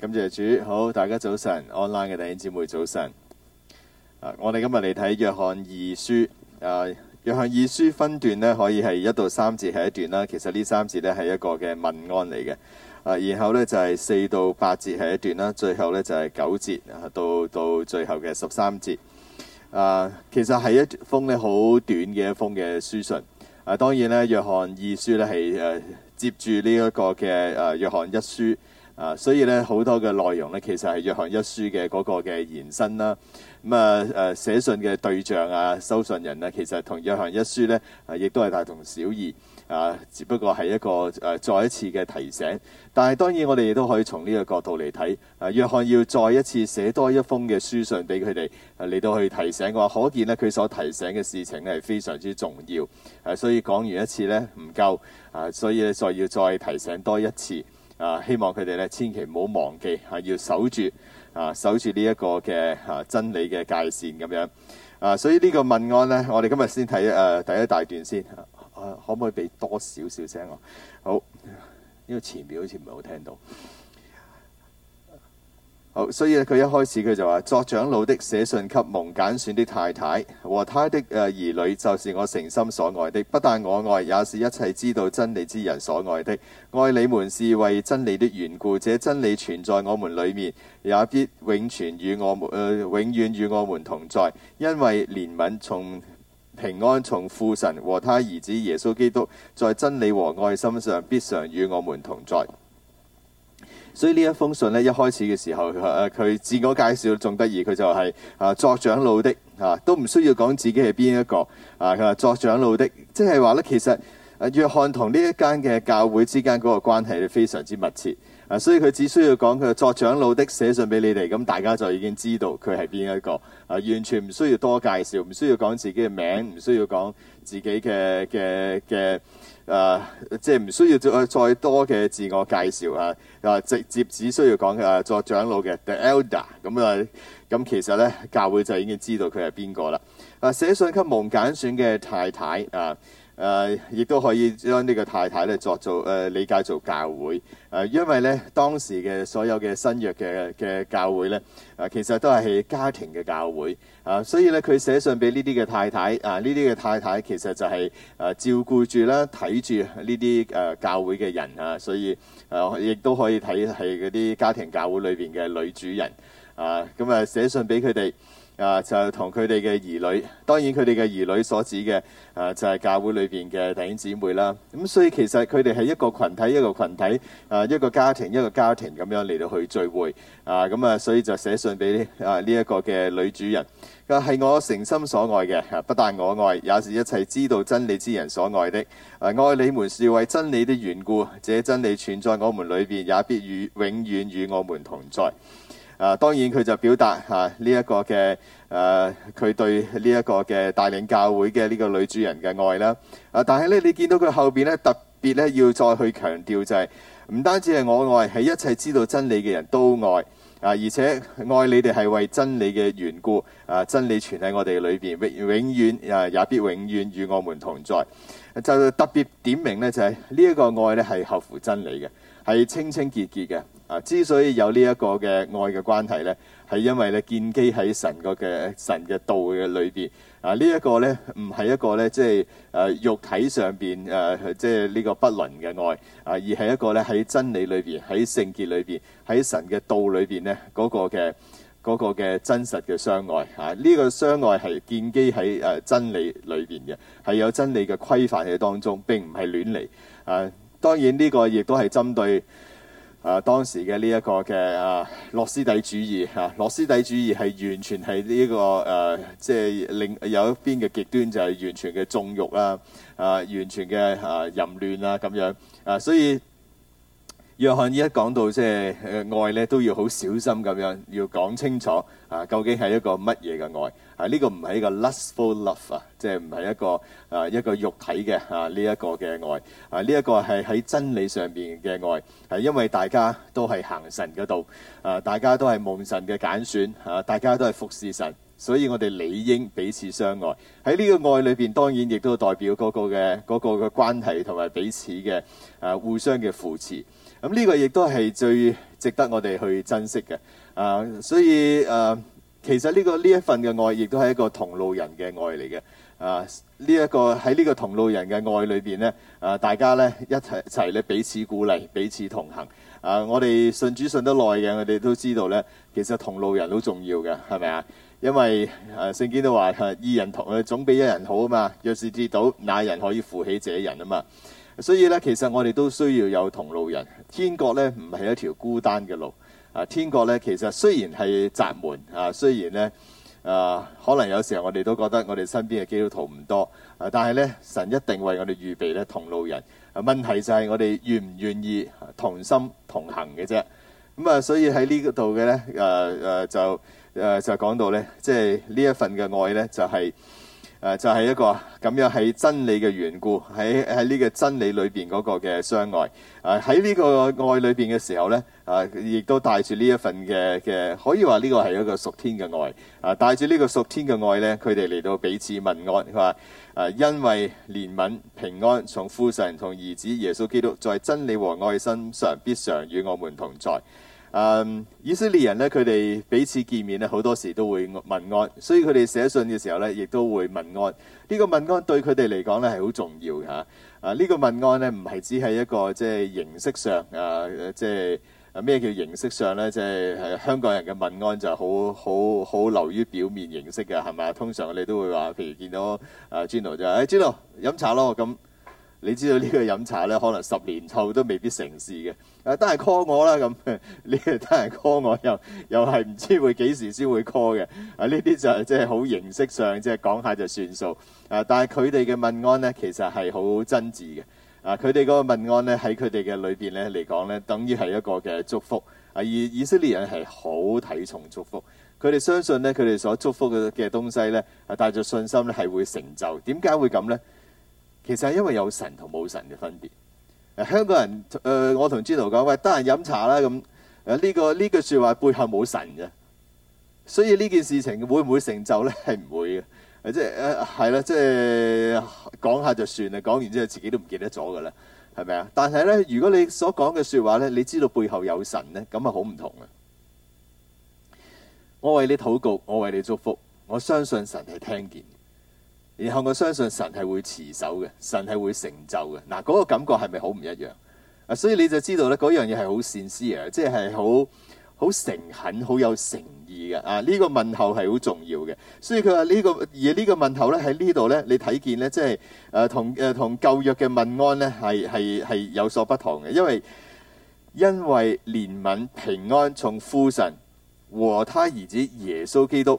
感謝主，好，大家早晨，online 嘅弟兄姊妹早晨。啊，我哋今日嚟睇約翰二書。啊，約翰二書分段呢，可以係一到三節係一段啦。其實呢三節呢，係一個嘅問安嚟嘅。啊，然後呢，就係、是、四到八節係一段啦。最後呢，就係、是、九節啊，到到最後嘅十三節。啊，其實係一封呢好短嘅一封嘅書信。啊，當然呢，約翰二書呢，係、啊、接住呢一個嘅、啊、約翰一書。啊，所以咧好多嘅內容呢，其實係約翰一書嘅嗰個嘅延伸啦。咁啊誒、啊、寫信嘅對象啊，收信人啊，其實同約翰一書呢，亦、啊、都係大同小異。啊，只不過係一個、啊、再一次嘅提醒。但係當然我哋亦都可以從呢個角度嚟睇。啊，約翰要再一次寫多一封嘅書信俾佢哋，嚟、啊、到去提醒嘅話，可見呢佢所提醒嘅事情呢係非常之重要。啊，所以講完一次呢，唔夠啊，所以咧再要再提醒多一次。啊！希望佢哋咧千祈唔好忘記、啊、要守住啊，守住呢一個嘅、啊、真理嘅界線咁樣啊。所以呢個問安咧，我哋今日先睇誒、啊、第一大段先、啊啊、可唔可以俾多少少聲我、啊？好，呢、呢個前邊好似唔係好聽到。好，所以咧，佢一開始佢就話：作長老的寫信給蒙揀選的太太和他的誒兒女，就是我誠心所愛的。不但我愛，也是一切知道真理之人所愛的。愛你們是為真理的緣故，這真理存在我們裏面，也必永存與我們、呃、永遠與我們同在。因為憐憫從平安從父神和他兒子耶穌基督，在真理和愛心上，必常與我們同在。所以呢一封信呢，一開始嘅時候，佢、啊、自我介紹仲得意，佢就係、是、啊作長老的啊，都唔需要講自己係邊一個啊。佢、啊、話作長老的，即係話呢，其實啊約翰同呢一間嘅教會之間嗰個關係非常之密切啊，所以佢只需要講佢、啊、作長老的寫信俾你哋，咁大家就已經知道佢係邊一個啊，完全唔需要多介紹，唔需要講自己嘅名，唔需要講自己嘅嘅嘅。誒、啊，即係唔需要再再多嘅自我介紹啊！啊，直接只需要講誒作長老嘅 the elder，咁啊，咁、啊啊啊、其實咧，教會就已經知道佢係邊個啦。啊，寫信給蒙揀選嘅太太啊。誒、呃，亦都可以將呢個太太咧作做誒、呃、理解做教會，誒、呃，因為咧當時嘅所有嘅新約嘅嘅教會咧、呃，其實都係係家庭嘅教會，啊，所以咧佢寫信俾呢啲嘅太太，啊、呃，呢啲嘅太太其實就係誒照顧住啦，睇住呢啲誒教會嘅人啊，所以誒亦都可以睇係嗰啲家庭教會裏面嘅女主人，啊、呃，咁、呃、啊寫信俾佢哋。啊，就同佢哋嘅兒女，當然佢哋嘅兒女所指嘅，啊就係、是、教會裏面嘅弟兄姊妹啦。咁、啊、所以其實佢哋係一個群體一個群體，啊一個家庭一個家庭咁樣嚟到去聚會。啊咁啊，所以就寫信俾啊呢一、這個嘅女主人。佢係我誠心所愛嘅，不但我愛，也是一切知道真理之人所愛的。啊愛你們是為真理的緣故，這真理存在我們裏面，也必與永遠與我們同在。啊，當然佢就表達吓呢一個嘅誒，佢、啊、對呢一個嘅帶領教會嘅呢個女主人嘅愛啦。啊，但係咧，你見到佢後邊咧，特別咧要再去強調就係、是、唔單止係我愛，係一切知道真理嘅人都愛啊，而且愛你哋係為真理嘅緣故啊，真理存喺我哋裏邊，永永遠誒、啊、也必永遠與我們同在。就特別點明咧，就係呢一個愛咧係合乎真理嘅，係清清潔潔嘅。啊，之所以有呢一個嘅愛嘅關係咧，係因為咧建基喺神個嘅神嘅道嘅裏邊。啊，這個、呢一個咧唔係一個咧即係誒肉體上邊誒即係呢個不倫嘅愛啊，而係一個咧喺真理裏邊、喺聖潔裏邊、喺神嘅道裏邊咧嗰個嘅嗰個嘅真實嘅相愛啊。呢、這個相愛係建基喺誒真理裏邊嘅，係有真理嘅規範喺當中，並唔係亂嚟。誒、啊，當然呢個亦都係針對。啊！當時嘅呢一個嘅啊，洛斯底主義啊，洛斯底主義係完全係呢、這個呃即係另有一邊嘅極端就係完全嘅縱欲啦，啊，完全嘅啊淫亂啊咁樣啊，所以。約翰依家講到即係愛咧，都要好小心咁樣，要講清楚啊！究竟係一個乜嘢嘅愛？啊，呢、這個唔係一個 lustful love 啊，即係唔係一個、啊、一個肉體嘅呢一個嘅愛啊呢一、這個係喺真理上面嘅愛，係因為大家都係行神嘅道、啊，大家都係蒙神嘅揀選、啊、大家都係服侍神，所以我哋理應彼此相愛。喺呢個愛裏面，當然亦都代表嗰個嘅嗰個嘅關係同埋彼此嘅、啊、互相嘅扶持。咁、這、呢個亦都係最值得我哋去珍惜嘅啊！所以、啊、其實呢、這個呢一份嘅愛，亦都係一個同路人嘅愛嚟嘅啊！呢、這、一個喺呢個同路人嘅愛裏面呢、啊，大家呢一齊一齊咧彼此鼓勵，彼此同行啊！我哋信主信得耐嘅，我哋都知道呢，其實同路人好重要嘅，係咪啊？因為誒聖、啊、經都話、啊、二人同總總比一人好啊嘛！若是跌倒，那人可以扶起這人啊嘛！所以咧，其實我哋都需要有同路人。天國咧唔係一條孤單嘅路。啊，天國咧其實雖然係窄門，啊，雖然咧啊，可能有時候我哋都覺得我哋身邊嘅基督徒唔多。啊，但係咧，神一定為我哋預備咧同路人。啊，問題就係我哋願唔願意同心同行嘅啫。咁啊，所以喺呢度嘅咧，誒、啊、誒、啊、就誒、啊、就講到咧，即係呢一份嘅愛咧，就係、是。誒、啊、就係、是、一個咁樣係真理嘅緣故，喺喺呢個真理裏面嗰個嘅相愛。誒喺呢個愛裏面嘅時候呢，亦、啊、都帶住呢一份嘅嘅，可以話呢個係一個屬天嘅愛。誒帶住呢個屬天嘅愛呢，佢哋嚟到彼此問安，佢、啊、恩惠憐憫平安，從父神同兒子耶穌基督在真理和愛心上必常與我們同在。嗯、um,，以色列人咧，佢哋彼此見面咧，好多時都會問安，所以佢哋寫信嘅時候咧，亦都會問安。呢、這個問安對佢哋嚟講咧係好重要嘅嚇。啊，呢、這個問安咧唔係只係一個即係、就是、形式上啊，即係咩叫形式上咧？即、就、係、是啊、香港人嘅問安就好好好流於表面形式嘅係咪？通常你都會話，譬如見到啊 Gino 就係、哎、，Gino 飲茶咯咁。嗯你知道呢個飲茶咧，可能十年後都未必成事嘅、啊。但得人 call 我啦咁，你又得人 call 我又又係唔知會幾時先會 call 嘅。啊，呢啲就係即係好形式上即係、就是、講下就算數。啊，但係佢哋嘅問安呢，其實係好真摯嘅。啊，佢哋個問安呢，喺佢哋嘅裏面呢嚟講呢，等於係一個嘅祝福。啊，而以色列人係好睇重祝福，佢哋相信呢，佢哋所祝福嘅嘅東西呢，係帶着信心呢係會成就。點解會咁呢？其實係因為有神同冇神嘅分別。誒、啊、香港人，誒、呃、我同朱導講，喂，得閒飲茶啦咁。誒呢、呢個呢句説話背後冇神嘅，所以呢件事情會唔會成就咧？係唔會嘅。誒即係誒係啦，即係講下就算啦。講完之後自己都唔記得咗㗎啦，係咪啊？但係咧，如果你所講嘅説話咧，你知道背後有神咧，咁啊好唔同嘅。我為你禱告，我為你祝福，我相信神係聽見的。然後我相信神係會持守嘅，神係會成就嘅。嗱，嗰個感覺係咪好唔一樣？啊，所以你就知道咧，嗰樣嘢係好善思嘅，即係好好誠懇、好有誠意嘅。啊，呢個問候係好重要嘅。所以佢話呢個而呢個問候咧喺呢度咧，你睇見咧，即係誒同誒同舊約嘅問安咧係係係有所不同嘅，因為因為憐憫平安從父神和他兒子耶穌基督。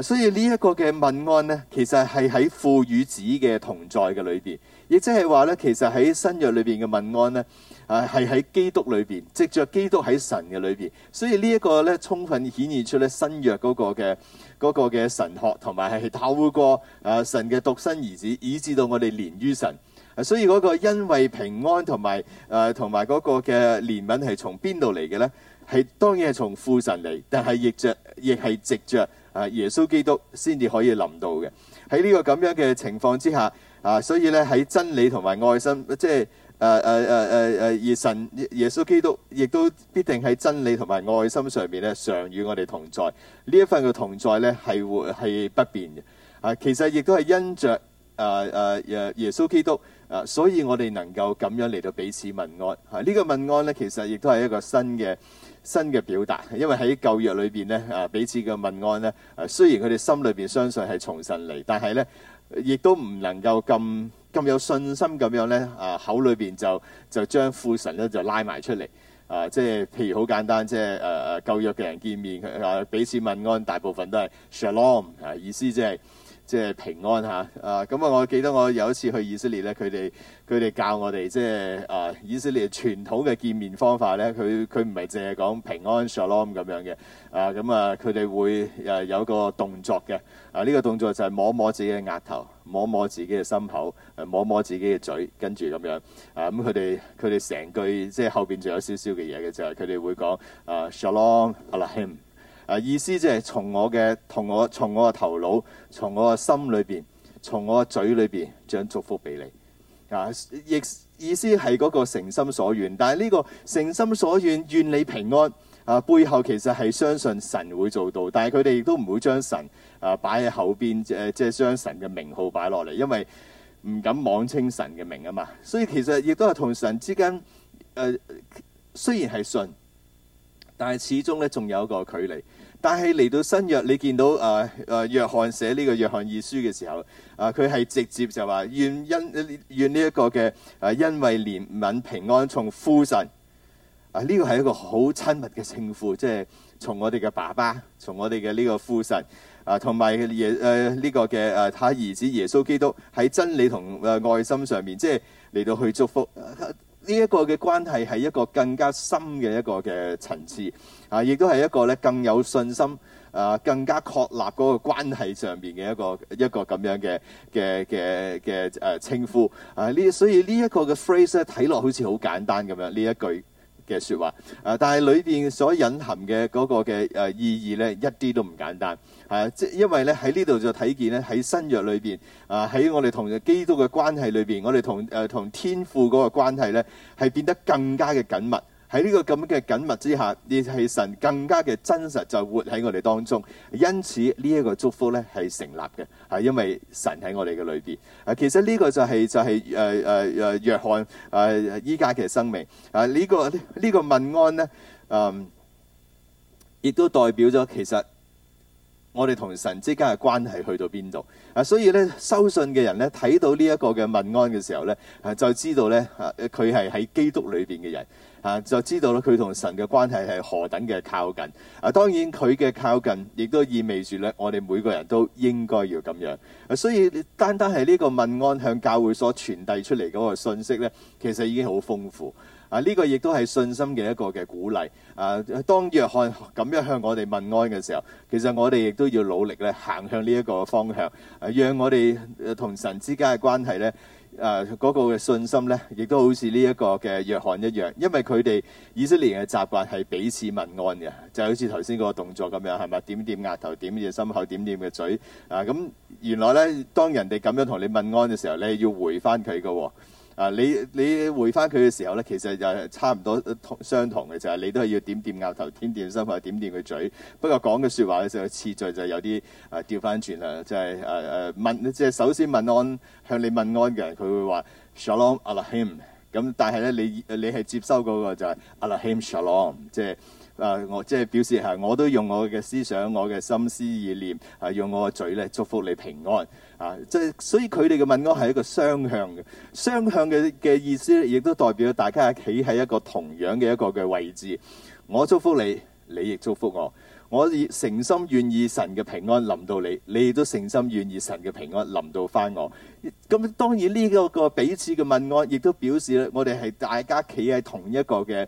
所以呢一個嘅問安呢，其實係喺父與子嘅同在嘅裏邊，亦即係話呢，其實喺新約裏邊嘅問安呢，啊係喺基督裏邊，藉著基督喺神嘅裏邊。所以呢一個呢，充分顯現出咧新約嗰個嘅嗰個嘅神學，同埋係透過誒、啊、神嘅獨生兒子，以致到我哋連於神。所以嗰個因為平安同埋誒同埋嗰個嘅憐憫係從邊度嚟嘅呢？係當然係從父神嚟，但係亦著亦係藉著。啊！耶穌基督先至可以臨到嘅喺呢個咁樣嘅情況之下啊，所以咧喺真理同埋愛心，即係誒誒誒誒誒而神耶穌基督亦都必定喺真理同埋愛心上面咧常與我哋同在。呢一份嘅同在咧係會係不變嘅啊！其實亦都係因着啊啊耶穌基督啊，所以我哋能夠咁樣嚟到彼此問安啊！呢、這個問安咧其實亦都係一個新嘅。新嘅表達，因為喺舊約裏面咧，啊彼此嘅問安咧，雖然佢哋心裏面相信係從神嚟，但係咧，亦都唔能夠咁咁有信心咁樣咧，啊口裏面就就將父神咧就拉埋出嚟，啊即係譬如好簡單，即係誒誒舊約嘅人見面，彼此問安，大部分都係 shalom，啊意思即係。即係平安吓，啊咁啊！我記得我有一次去以色列咧，佢哋佢哋教我哋即係啊以色列傳統嘅見面方法咧，佢佢唔係淨係講平安 shalom 咁樣嘅，啊咁啊佢哋會誒有個動作嘅，啊呢個動作就係摸摸自己嘅額頭，摸摸自己嘅心口，摸摸自己嘅嘴，跟住咁樣，啊咁佢哋佢哋成句即係後邊仲有少少嘅嘢嘅，就係佢哋會講啊 shalom alaheim。啊！意思即係從我嘅，同我從我嘅頭腦，從我嘅心裏邊，從我嘅嘴裏邊，將祝福俾你。啊！亦意思係嗰個誠心所願，但係呢個誠心所願願你平安啊！背後其實係相信神會做到，但係佢哋亦都唔會將神啊擺喺後邊、啊，即係即將神嘅名號擺落嚟，因為唔敢妄稱神嘅名啊嘛。所以其實亦都係同神之間，誒、啊、雖然係信，但係始終咧仲有一個距離。但係嚟到新約，你見到啊啊約翰寫呢個約翰二書嘅時候，啊佢係直接就話願因願呢一個嘅，啊因為憐憫平安從父神啊，呢個係一個好親密嘅稱呼，即係從我哋嘅爸爸，從我哋嘅呢個父神啊同埋耶誒呢個嘅啊他兒子耶穌基督喺真理同誒愛心上面，即係嚟到去祝福。啊呢、這、一個嘅關係係一個更加深嘅一個嘅層次，啊，亦都係一個咧更有信心啊，更加確立嗰個關係上面嘅一個一個咁樣嘅嘅嘅嘅誒稱呼啊，呢、啊、所以這呢一個嘅 phrase 咧睇落好似好簡單咁樣，呢一句嘅說話啊，但係裏邊所隱含嘅嗰個嘅誒意義咧一啲都唔簡單。係啊，即係因為咧喺呢度就睇見咧喺新約裏邊啊，喺我哋同基督嘅關係裏邊，我哋同誒同天父嗰個關係咧係變得更加嘅緊密。喺呢個咁嘅緊密之下，亦係神更加嘅真實就活喺我哋當中。因此呢一個祝福咧係成立嘅，係因為神喺我哋嘅裏邊。啊，其實呢個就係就係誒誒誒約翰誒依家嘅生命啊，呢個呢個問安咧誒，亦都代表咗其實。我哋同神之間嘅關係去到邊度啊？所以咧，收信嘅人咧睇到呢一個嘅問安嘅時候咧，就知道咧，佢係喺基督裏邊嘅人啊，就知道咧佢同神嘅關係係何等嘅靠近啊。當然，佢嘅靠近亦都意味住咧，我哋每個人都應該要咁樣啊。所以單單係呢個問安向教會所傳遞出嚟嗰個信息咧，其實已經好豐富。啊！呢個亦都係信心嘅一個嘅鼓勵。啊，當約翰咁樣向我哋問安嘅時候，其實我哋亦都要努力咧，行向呢一個方向，讓我哋同神之間嘅關係咧，誒嗰個嘅信心咧，亦都好似呢一個嘅約翰一樣。因為佢哋以色列人嘅習慣係彼此問安嘅，就好似頭先嗰個動作咁樣，係咪點點額頭、點點心口、點點嘅嘴？啊，咁原來咧，當人哋咁樣同你問安嘅時候，你係要回返佢嘅喎。啊！你你回翻佢嘅時候咧，其實又差唔多同同相同嘅，就係、是、你都係要點點額頭，添點,點心者點點佢嘴。不過講嘅說的話嘅時候次序就有啲啊返翻轉啦，就係誒誒即係首先問安向你問安嘅人，佢會話 Shalom a l e h i m 咁但係咧，你你係接收嗰個就係 a l e h i m Shalom，即係誒我即係、就是、表示係我都用我嘅思想、我嘅心思意念啊，用我嘅嘴咧祝福你平安。啊！即係所以佢哋嘅問安係一個雙向嘅，雙向嘅嘅意思咧，亦都代表大家係企喺一個同樣嘅一個嘅位置。我祝福你，你亦祝福我。我以誠心願意神嘅平安臨到你，你亦都誠心願意神嘅平安臨到翻我。咁當然呢一個彼此嘅問安亦都表示咧，我哋係大家企喺同一個嘅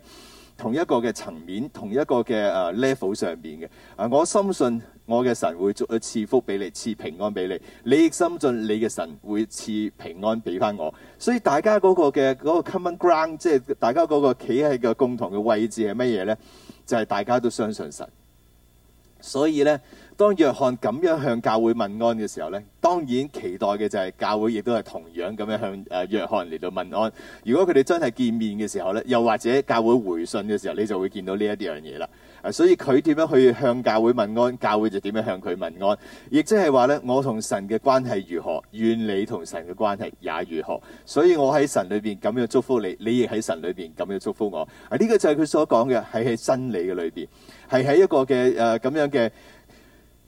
同一個嘅層面，同一個嘅啊 level 上面嘅。啊，我深信。我嘅神會賜福俾你，賜平安俾你。你亦深信你嘅神會賜平安俾翻我。所以大家嗰個嘅、嗰個、common ground，即係大家嗰個企喺個共同嘅位置係乜嘢咧？就係、是、大家都相信神。所以咧。當約翰咁樣向教會問安嘅時候呢，當然期待嘅就係教會亦都係同樣咁樣向誒約翰嚟到問安。如果佢哋真係見面嘅時候呢，又或者教會回信嘅時候，你就會見到呢一啲樣嘢啦。所以佢點樣去向教會問安，教會就點樣向佢問安。亦即係話呢：「我同神嘅關係如何，願你同神嘅關係也如何。」所以我喺神裏邊咁樣祝福你，你亦喺神裏邊咁樣祝福我。呢、呢個就係佢所講嘅，係喺真理嘅裏邊，係喺一個嘅誒咁樣嘅。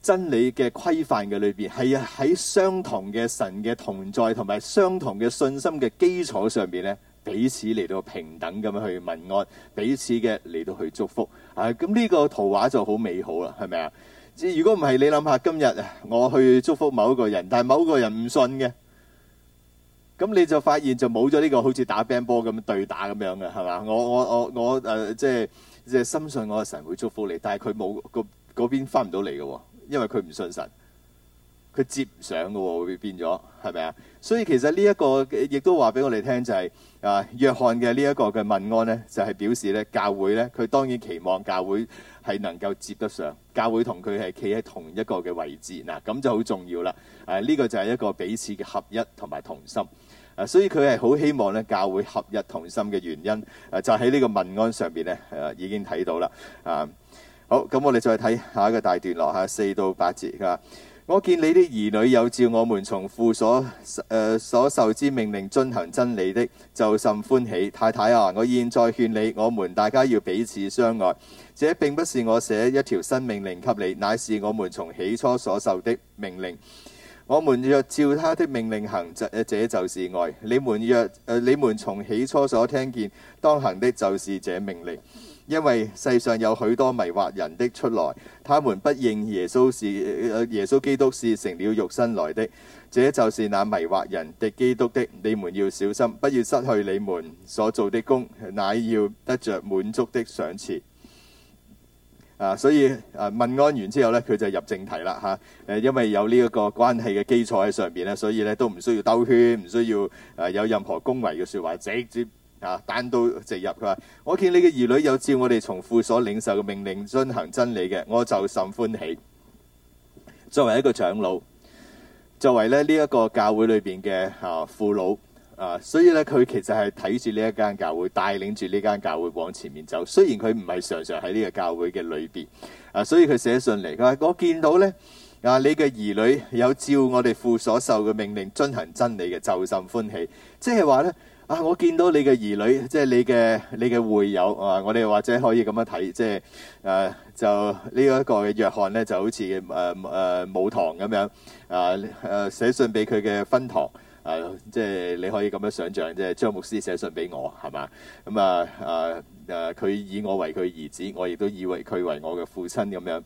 真理嘅規範嘅裏邊，係喺相同嘅神嘅同在，同埋相同嘅信心嘅基礎上邊咧，彼此嚟到平等咁樣去問安，彼此嘅嚟到去祝福啊。咁呢個圖畫就好美好啦，係咪啊？如果唔係，你諗下，今日我去祝福某一個人，但係某個人唔信嘅，咁你就發現就冇咗呢個好似打兵波咁對打咁樣嘅係嘛？我我我我誒、呃，即係即係深信我嘅神會祝福你，但係佢冇個嗰邊翻唔到你嘅喎。因為佢唔信神，佢接唔上㗎喎，會變咗，係咪啊？所以其實呢一個亦都話俾我哋聽就係、是、啊，約翰嘅呢一個嘅問安呢，就係、是、表示呢教會呢，佢當然期望教會係能夠接得上，教會同佢係企喺同一個嘅位置嗱，咁就好重要啦。誒、啊，呢、這個就係一個彼此嘅合一同埋同心。誒、啊，所以佢係好希望呢教會合一同心嘅原因、啊、就喺呢個問安上邊呢、啊、已經睇到啦啊。好，咁我哋再睇下一個大段落嚇，四到八節。我見你啲兒女有照我們從父所、呃、所受之命令遵行真理的，就甚歡喜。太太啊，我現在勸你，我們大家要彼此相愛。這並不是我寫一條新命令給你，乃是我們從起初所受的命令。我們若照他的命令行，就這就是愛。你們若、呃、你們從起初所聽見當行的，就是這命令。因為世上有許多迷惑人的出來，他們不認耶穌是耶穌基督是成了肉身來的，這就是那迷惑人的基督的。你們要小心，不要失去你們所做的工，乃要得著滿足的賞賜。啊，所以啊，問安完之後咧，佢就入正題啦嚇。誒，因為有呢一個關係嘅基礎喺上面咧，所以咧都唔需要兜圈，唔需要誒有任何恭維嘅説話，直接。啊！單刀直入佢話，我見你嘅兒女有照我哋從父所領受嘅命令遵行真理嘅，我就甚歡喜。作為一個長老，作為咧呢一個教會裏邊嘅啊父老啊，所以咧佢其實係睇住呢一間教會，帶領住呢間教會往前面走。雖然佢唔係常常喺呢個教會嘅裏邊啊，所以佢寫信嚟，佢話我見到咧啊，你嘅兒女有照我哋父所受嘅命令遵行真理嘅，就甚歡喜。即係話咧。啊！我見到你嘅兒女，即係你嘅你嘅會友啊！我哋或者可以咁樣睇，即係、啊、就呢一個嘅約翰咧，就好似母堂咁樣啊，啊寫信俾佢嘅分堂、啊、即係你可以咁樣想象，即係張牧師寫信俾我係嘛，咁啊佢、啊啊、以我為佢兒子，我亦都以為佢為我嘅父親咁樣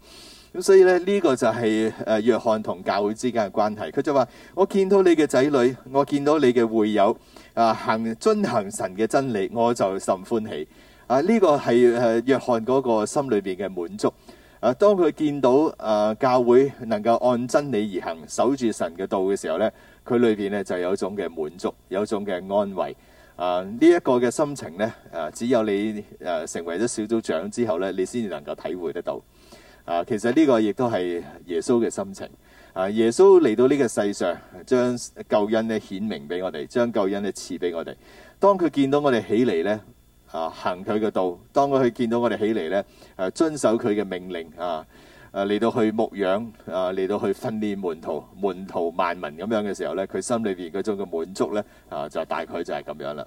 咁，所以咧呢、呢個就係誒約翰同教會之間嘅關係。佢就話：我見到你嘅仔女，我見到你嘅會友。啊，行遵行神嘅真理，我就甚歡喜。啊，呢個係誒約翰嗰個心裏邊嘅滿足。啊，當佢見到啊教會能夠按真理而行，守住神嘅道嘅時候呢，佢裏邊呢就有種嘅滿足，有種嘅安慰。啊，呢一個嘅心情呢，啊只有你誒成為咗小組長之後呢，你先至能夠體會得到。啊，其實呢個亦都係耶穌嘅心情。啊！耶穌嚟到呢個世上，將救恩咧顯明俾我哋，將救恩咧賜俾我哋。當佢見到我哋起嚟咧，啊行佢嘅道；當佢見到我哋起嚟咧，誒遵守佢嘅命令啊，嚟到去牧養啊，嚟到去訓練門徒、門徒萬民咁樣嘅時候咧，佢心裏邊嗰種嘅滿足呢，啊就大概就係咁樣啦。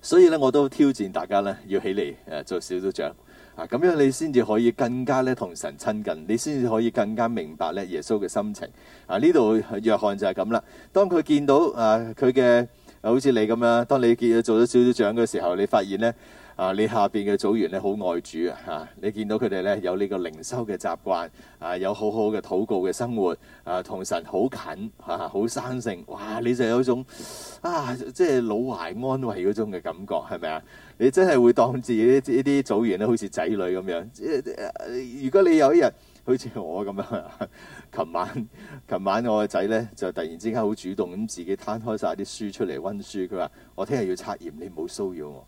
所以呢，我都挑戰大家呢，要起嚟誒做小組長。啊，咁樣你先至可以更加咧同神親近，你先至可以更加明白咧耶穌嘅心情。啊，呢度約翰就係咁啦。當佢見到啊，佢嘅好似你咁樣，當你見到做咗少少獎嘅時候，你發現咧。啊！你下邊嘅組員咧好愛主啊，啊！你見到佢哋咧有呢個靈修嘅習慣，啊有好好嘅禱告嘅生活，啊同神好近啊，好生性，哇！你就有種啊，即係老懷安慰嗰種嘅感覺，係咪啊？你真係會當自己呢啲組員咧好似仔女咁樣啊。如果你有一日好似我咁樣，琴晚琴晚我個仔咧就突然之間好主動咁自己攤開晒啲書出嚟温書，佢話，我聽日要測驗，你唔好騷擾我。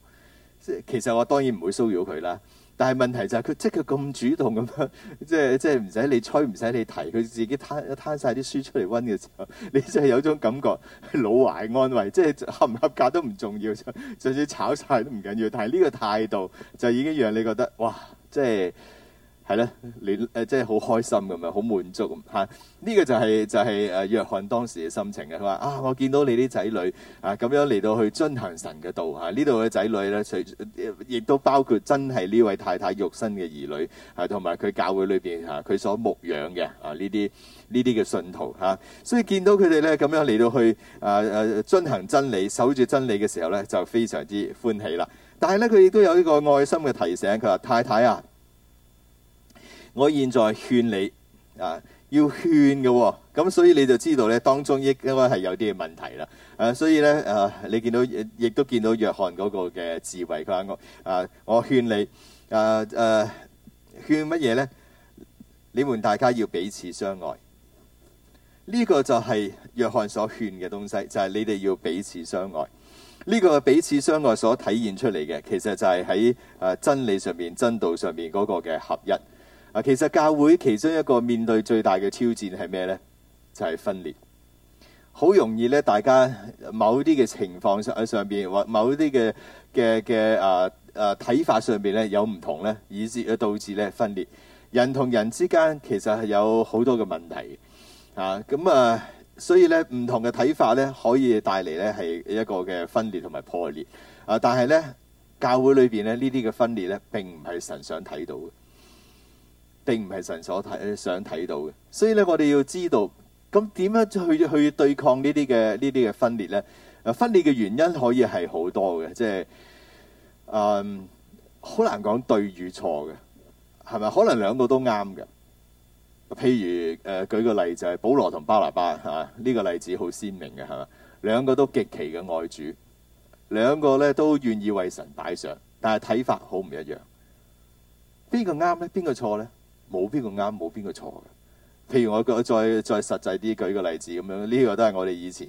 即其實我當然唔會騷擾佢啦，但係問題就係佢即係佢咁主動咁樣，即係即係唔使你催，唔使你提，佢自己攤攤晒啲書出嚟温嘅時候，你就係有種感覺，老懷安慰，即係合唔合格都唔重要，就算炒晒都唔緊要，但係呢個態度就已經讓你覺得哇，即係。係啦，你誒即係好開心咁，好滿足咁嚇。呢、啊呢個就係、是、就係誒約翰當時嘅心情啊。佢話啊，我見到你啲仔女啊，咁樣嚟到去遵行神嘅道嚇。啊、呢度嘅仔女咧，除亦都包括真係呢位太太肉身嘅兒女同埋佢教會裏面嚇佢、啊、所牧養嘅啊呢啲呢啲嘅信徒嚇、啊。所以見到佢哋咧咁樣嚟到去誒、啊啊、遵行真理、守住真理嘅時候咧，就非常之歡喜啦。但係咧，佢亦都有呢個愛心嘅提醒，佢話太太啊。我現在勸你啊，要勸嘅喎、哦，咁所以你就知道咧，當中亦應該係有啲嘅問題啦。誒、啊，所以咧誒、啊，你見到亦都見到約翰嗰個嘅智慧，佢話我誒，我勸你誒誒、啊啊，勸乜嘢咧？你們大家要彼此相愛，呢、這個就係約翰所勸嘅東西，就係、是、你哋要彼此相愛。呢、這個彼此相愛所體現出嚟嘅，其實就係喺誒真理上面、真道上面嗰個嘅合一。其實教會其中一個面對最大嘅挑戰係咩呢？就係分裂。好容易呢，大家某啲嘅情況上喺上邊或某啲嘅嘅嘅啊啊睇法上邊呢有唔同呢，以致啊導致呢分裂。人同人之間其實係有好多嘅問題啊，咁啊，所以呢唔同嘅睇法呢可以帶嚟呢係一個嘅分裂同埋破裂啊。但係呢，教會裏邊呢呢啲嘅分裂呢並唔係神想睇到嘅。並唔係神所睇想睇到嘅，所以咧我哋要知道，咁點樣去去對抗呢啲嘅呢啲嘅分裂咧？誒分裂嘅原因可以係好多嘅，即係誒好難講對與錯嘅，係咪？可能兩個都啱嘅。譬如、呃、舉個例子就係、是、保羅同巴拿巴呢個例子好鮮明嘅，係嘛？兩個都極其嘅愛主，兩個咧都願意為神擺上，但係睇法好唔一樣。邊個啱咧？邊個錯咧？冇邊個啱，冇邊個錯嘅。譬如我再再實際啲舉個例子咁樣，呢個都係我哋以前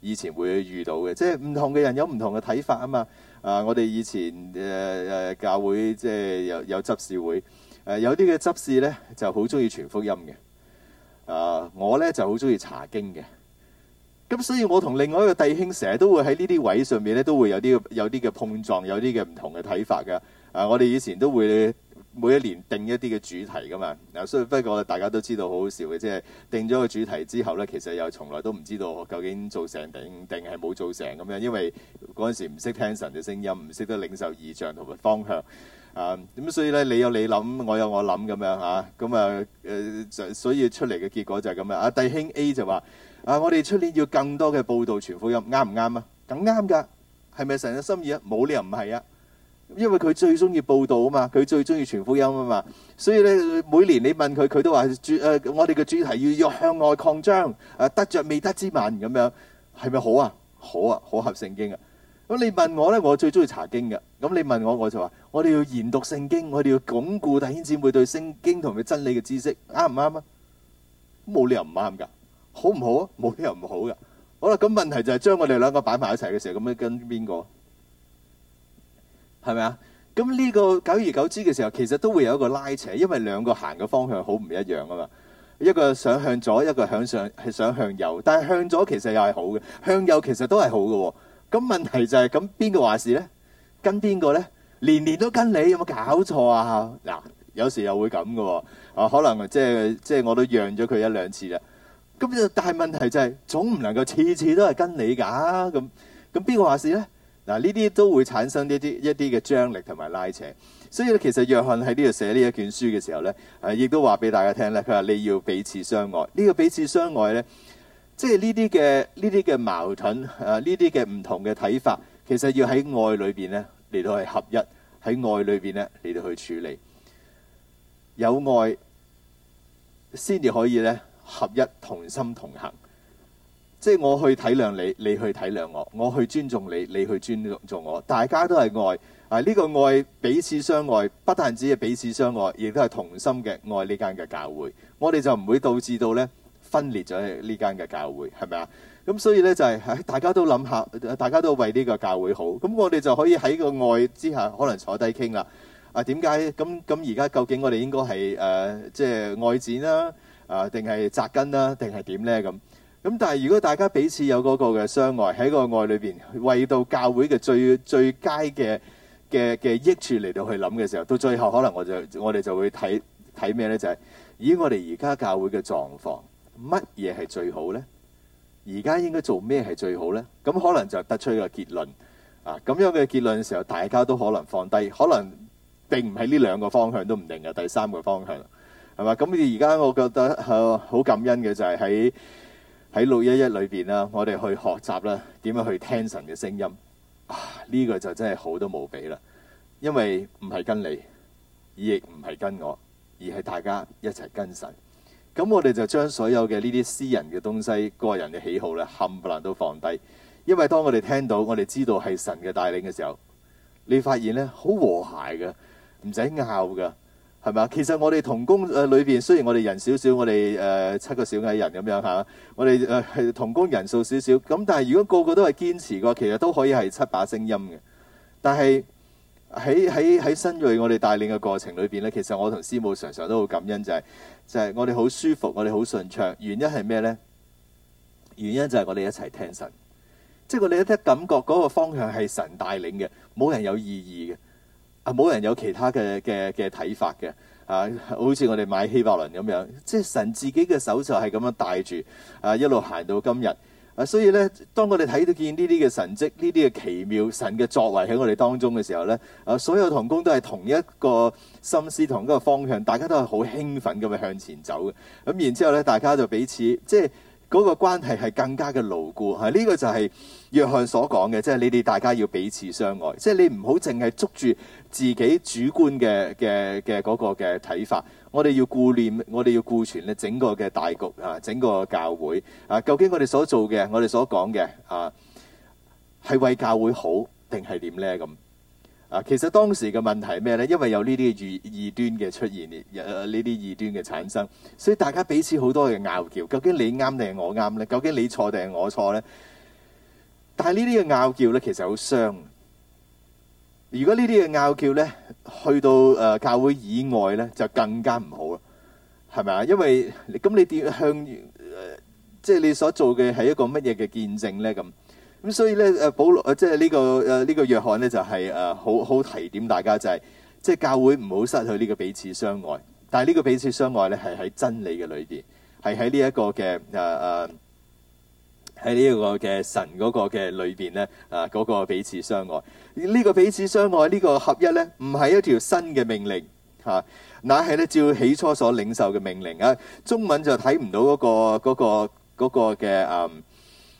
以前會遇到嘅。即係唔同嘅人有唔同嘅睇法啊嘛。啊，我哋以前誒誒教會即係有有執事會，誒有啲嘅執事呢就好中意傳福音嘅。啊，我呢就好中意查經嘅。咁所以，我同另外一個弟兄成日都會喺呢啲位上面呢，都會有啲有啲嘅碰撞，有啲嘅唔同嘅睇法嘅。啊，我哋以前都會。每一年定一啲嘅主題噶嘛，嗱，所以不過大家都知道好好笑嘅，即係定咗個主題之後呢，其實又從來都唔知道究竟做成定定係冇做成咁樣，因為嗰陣時唔識聽神嘅聲音，唔識得領受異象同埋方向啊，咁所以呢，你有你諗，我有我諗咁樣嚇，咁啊誒，啊，所以出嚟嘅結果就係咁樣。阿弟兄 A 就話：啊，我哋出年要更多嘅報導傳福音，啱唔啱啊？梗啱㗎，係咪神嘅心意啊？冇理由唔係啊！因為佢最中意報道啊嘛，佢最中意傳福音啊嘛，所以咧每年你問佢，佢都話主誒，我哋嘅主題要要向外擴張，誒得著未得之民咁樣，係咪好啊？好啊，好合聖經啊！咁你問我咧，我最中意查經嘅，咁你問我我就話，我哋要研讀聖經，我哋要鞏固弟兄姊妹對聖經同埋真理嘅知識，啱唔啱啊？冇理由唔啱㗎，好唔好啊？冇理由唔好㗎。好啦，咁問題就係將我哋兩個擺埋一齊嘅時候，咁樣跟邊個？係咪啊？咁呢個久而久之嘅時候，其實都會有一個拉扯，因為兩個行嘅方向好唔一樣啊嘛。一個想向左，一個向上係想向右。但係向左其實又係好嘅，向右其實都係好嘅。咁問題就係咁邊個話事呢？跟邊個呢？年年都跟你，有冇搞錯啊？嗱、啊，有時又會咁嘅，啊，可能即係即係我都讓咗佢一兩次啦。咁但係問題就係、是，總唔能夠次次都係跟你㗎。咁咁邊個話事呢？嗱，呢啲都會產生一啲一啲嘅張力同埋拉扯，所以咧，其實約翰喺呢度寫呢一卷書嘅時候咧，誒，亦都話俾大家聽咧，佢話你要彼此相愛。呢個彼此相愛咧，即係呢啲嘅呢啲嘅矛盾，誒，呢啲嘅唔同嘅睇法，其實要喺愛裏面咧嚟到去合一，喺愛裏面咧嚟到去處理，有愛先至可以咧合一同心同行。即係我去體諒你，你去體諒我，我去尊重你，你去尊重我，大家都係愛啊！呢個愛彼此相愛，不但止係彼此相愛，亦都係同心嘅愛呢間嘅教會。我哋就唔會導致到呢分裂咗呢間嘅教會，係咪啊？咁所以呢就係喺大家都諗下，大家都為呢個教會好。咁我哋就可以喺個愛之下可能坐低傾啦。啊點解？咁咁而家究竟我哋應該係誒即係愛子啦，啊定係紮根啦，定係點呢咁？咁但係如果大家彼此有嗰個嘅相愛喺個愛裏邊，為到教會嘅最最佳嘅嘅嘅益處嚟到去諗嘅時候，到最後可能我就我哋就會睇睇咩呢？就係、是、以我哋而家教會嘅狀況，乜嘢係最好呢？而家應該做咩係最好呢？咁可能就得出一個結論啊！咁樣嘅結論嘅時候，大家都可能放低，可能並唔係呢兩個方向都唔定嘅，第三個方向係嘛？咁你而家我覺得好、啊、感恩嘅就係喺～喺六一一裏邊啦，我哋去學習啦，點樣去聽神嘅聲音啊！呢個就真係好到無比啦，因為唔係跟你，亦唔係跟我，而係大家一齊跟神。咁我哋就將所有嘅呢啲私人嘅東西、個人嘅喜好咧，冚唪唥都放低。因為當我哋聽到、我哋知道係神嘅帶領嘅時候，你發現咧，好和諧㗎，唔使拗噶。係嘛？其實我哋同工裏面，雖然我哋人少少，我哋、呃、七個小矮人咁樣下，我哋、呃、同工人數少少。咁但係如果個個都係堅持嘅話，其實都可以係七把聲音嘅。但係喺喺喺新銳我哋帶領嘅過程裏面，呢其實我同師母常常都會感恩，就係、是、就係、是、我哋好舒服，我哋好順暢。原因係咩呢？原因就係我哋一齊聽神，即、就、係、是、我哋一聽感覺嗰個方向係神帶領嘅，冇人有異議嘅。冇人有其他嘅嘅嘅睇法嘅，啊，好似我哋買希伯倫咁樣，即係神自己嘅手就係咁樣帶住，啊，一路行到今日，啊，所以呢，當我哋睇到見呢啲嘅神蹟，呢啲嘅奇妙神嘅作為喺我哋當中嘅時候呢，啊，所有同工都係同一個心思同一個方向，大家都係好興奮咁樣向前走嘅，咁、啊、然之後呢，大家就彼此即係。嗰個關係係更加嘅牢固吓，呢個就係約翰所講嘅，即係你哋大家要彼此相愛，即係你唔好淨係捉住自己主觀嘅嘅嘅嗰個嘅睇法，我哋要顧念，我哋要顧全咧整個嘅大局啊，整個教會啊，究竟我哋所做嘅，我哋所講嘅啊，係為教會好定係點咧咁？啊，其實當時嘅問題係咩咧？因為有呢啲嘅異異端嘅出現，呢誒呢啲異端嘅產生，所以大家彼此好多嘅拗撬。究竟你啱定係我啱咧？究竟你錯定係我錯咧？但係呢啲嘅拗撬咧，其實好傷。如果呢啲嘅拗撬咧，去到誒教會以外咧，就更加唔好啦。係咪啊？因為咁你點向誒？即係你所做嘅係一個乜嘢嘅見證咧？咁？咁所以咧，誒保羅，即係、這、呢個，誒、這、呢、個、約翰咧，就係、是啊、好好提點大家，就係、是、即係教會唔好失去呢個彼此相愛。但係呢個彼此相愛咧，係喺真理嘅裏邊，係喺呢一個嘅喺呢一個嘅神嗰個嘅裏邊咧，嗰、啊那個彼此相愛。呢、這個彼此相愛呢、這個合一咧，唔係一條新嘅命令嚇、啊，乃係咧，照起初所領受嘅命令啊。中文就睇唔到嗰、那個嗰嗰嘅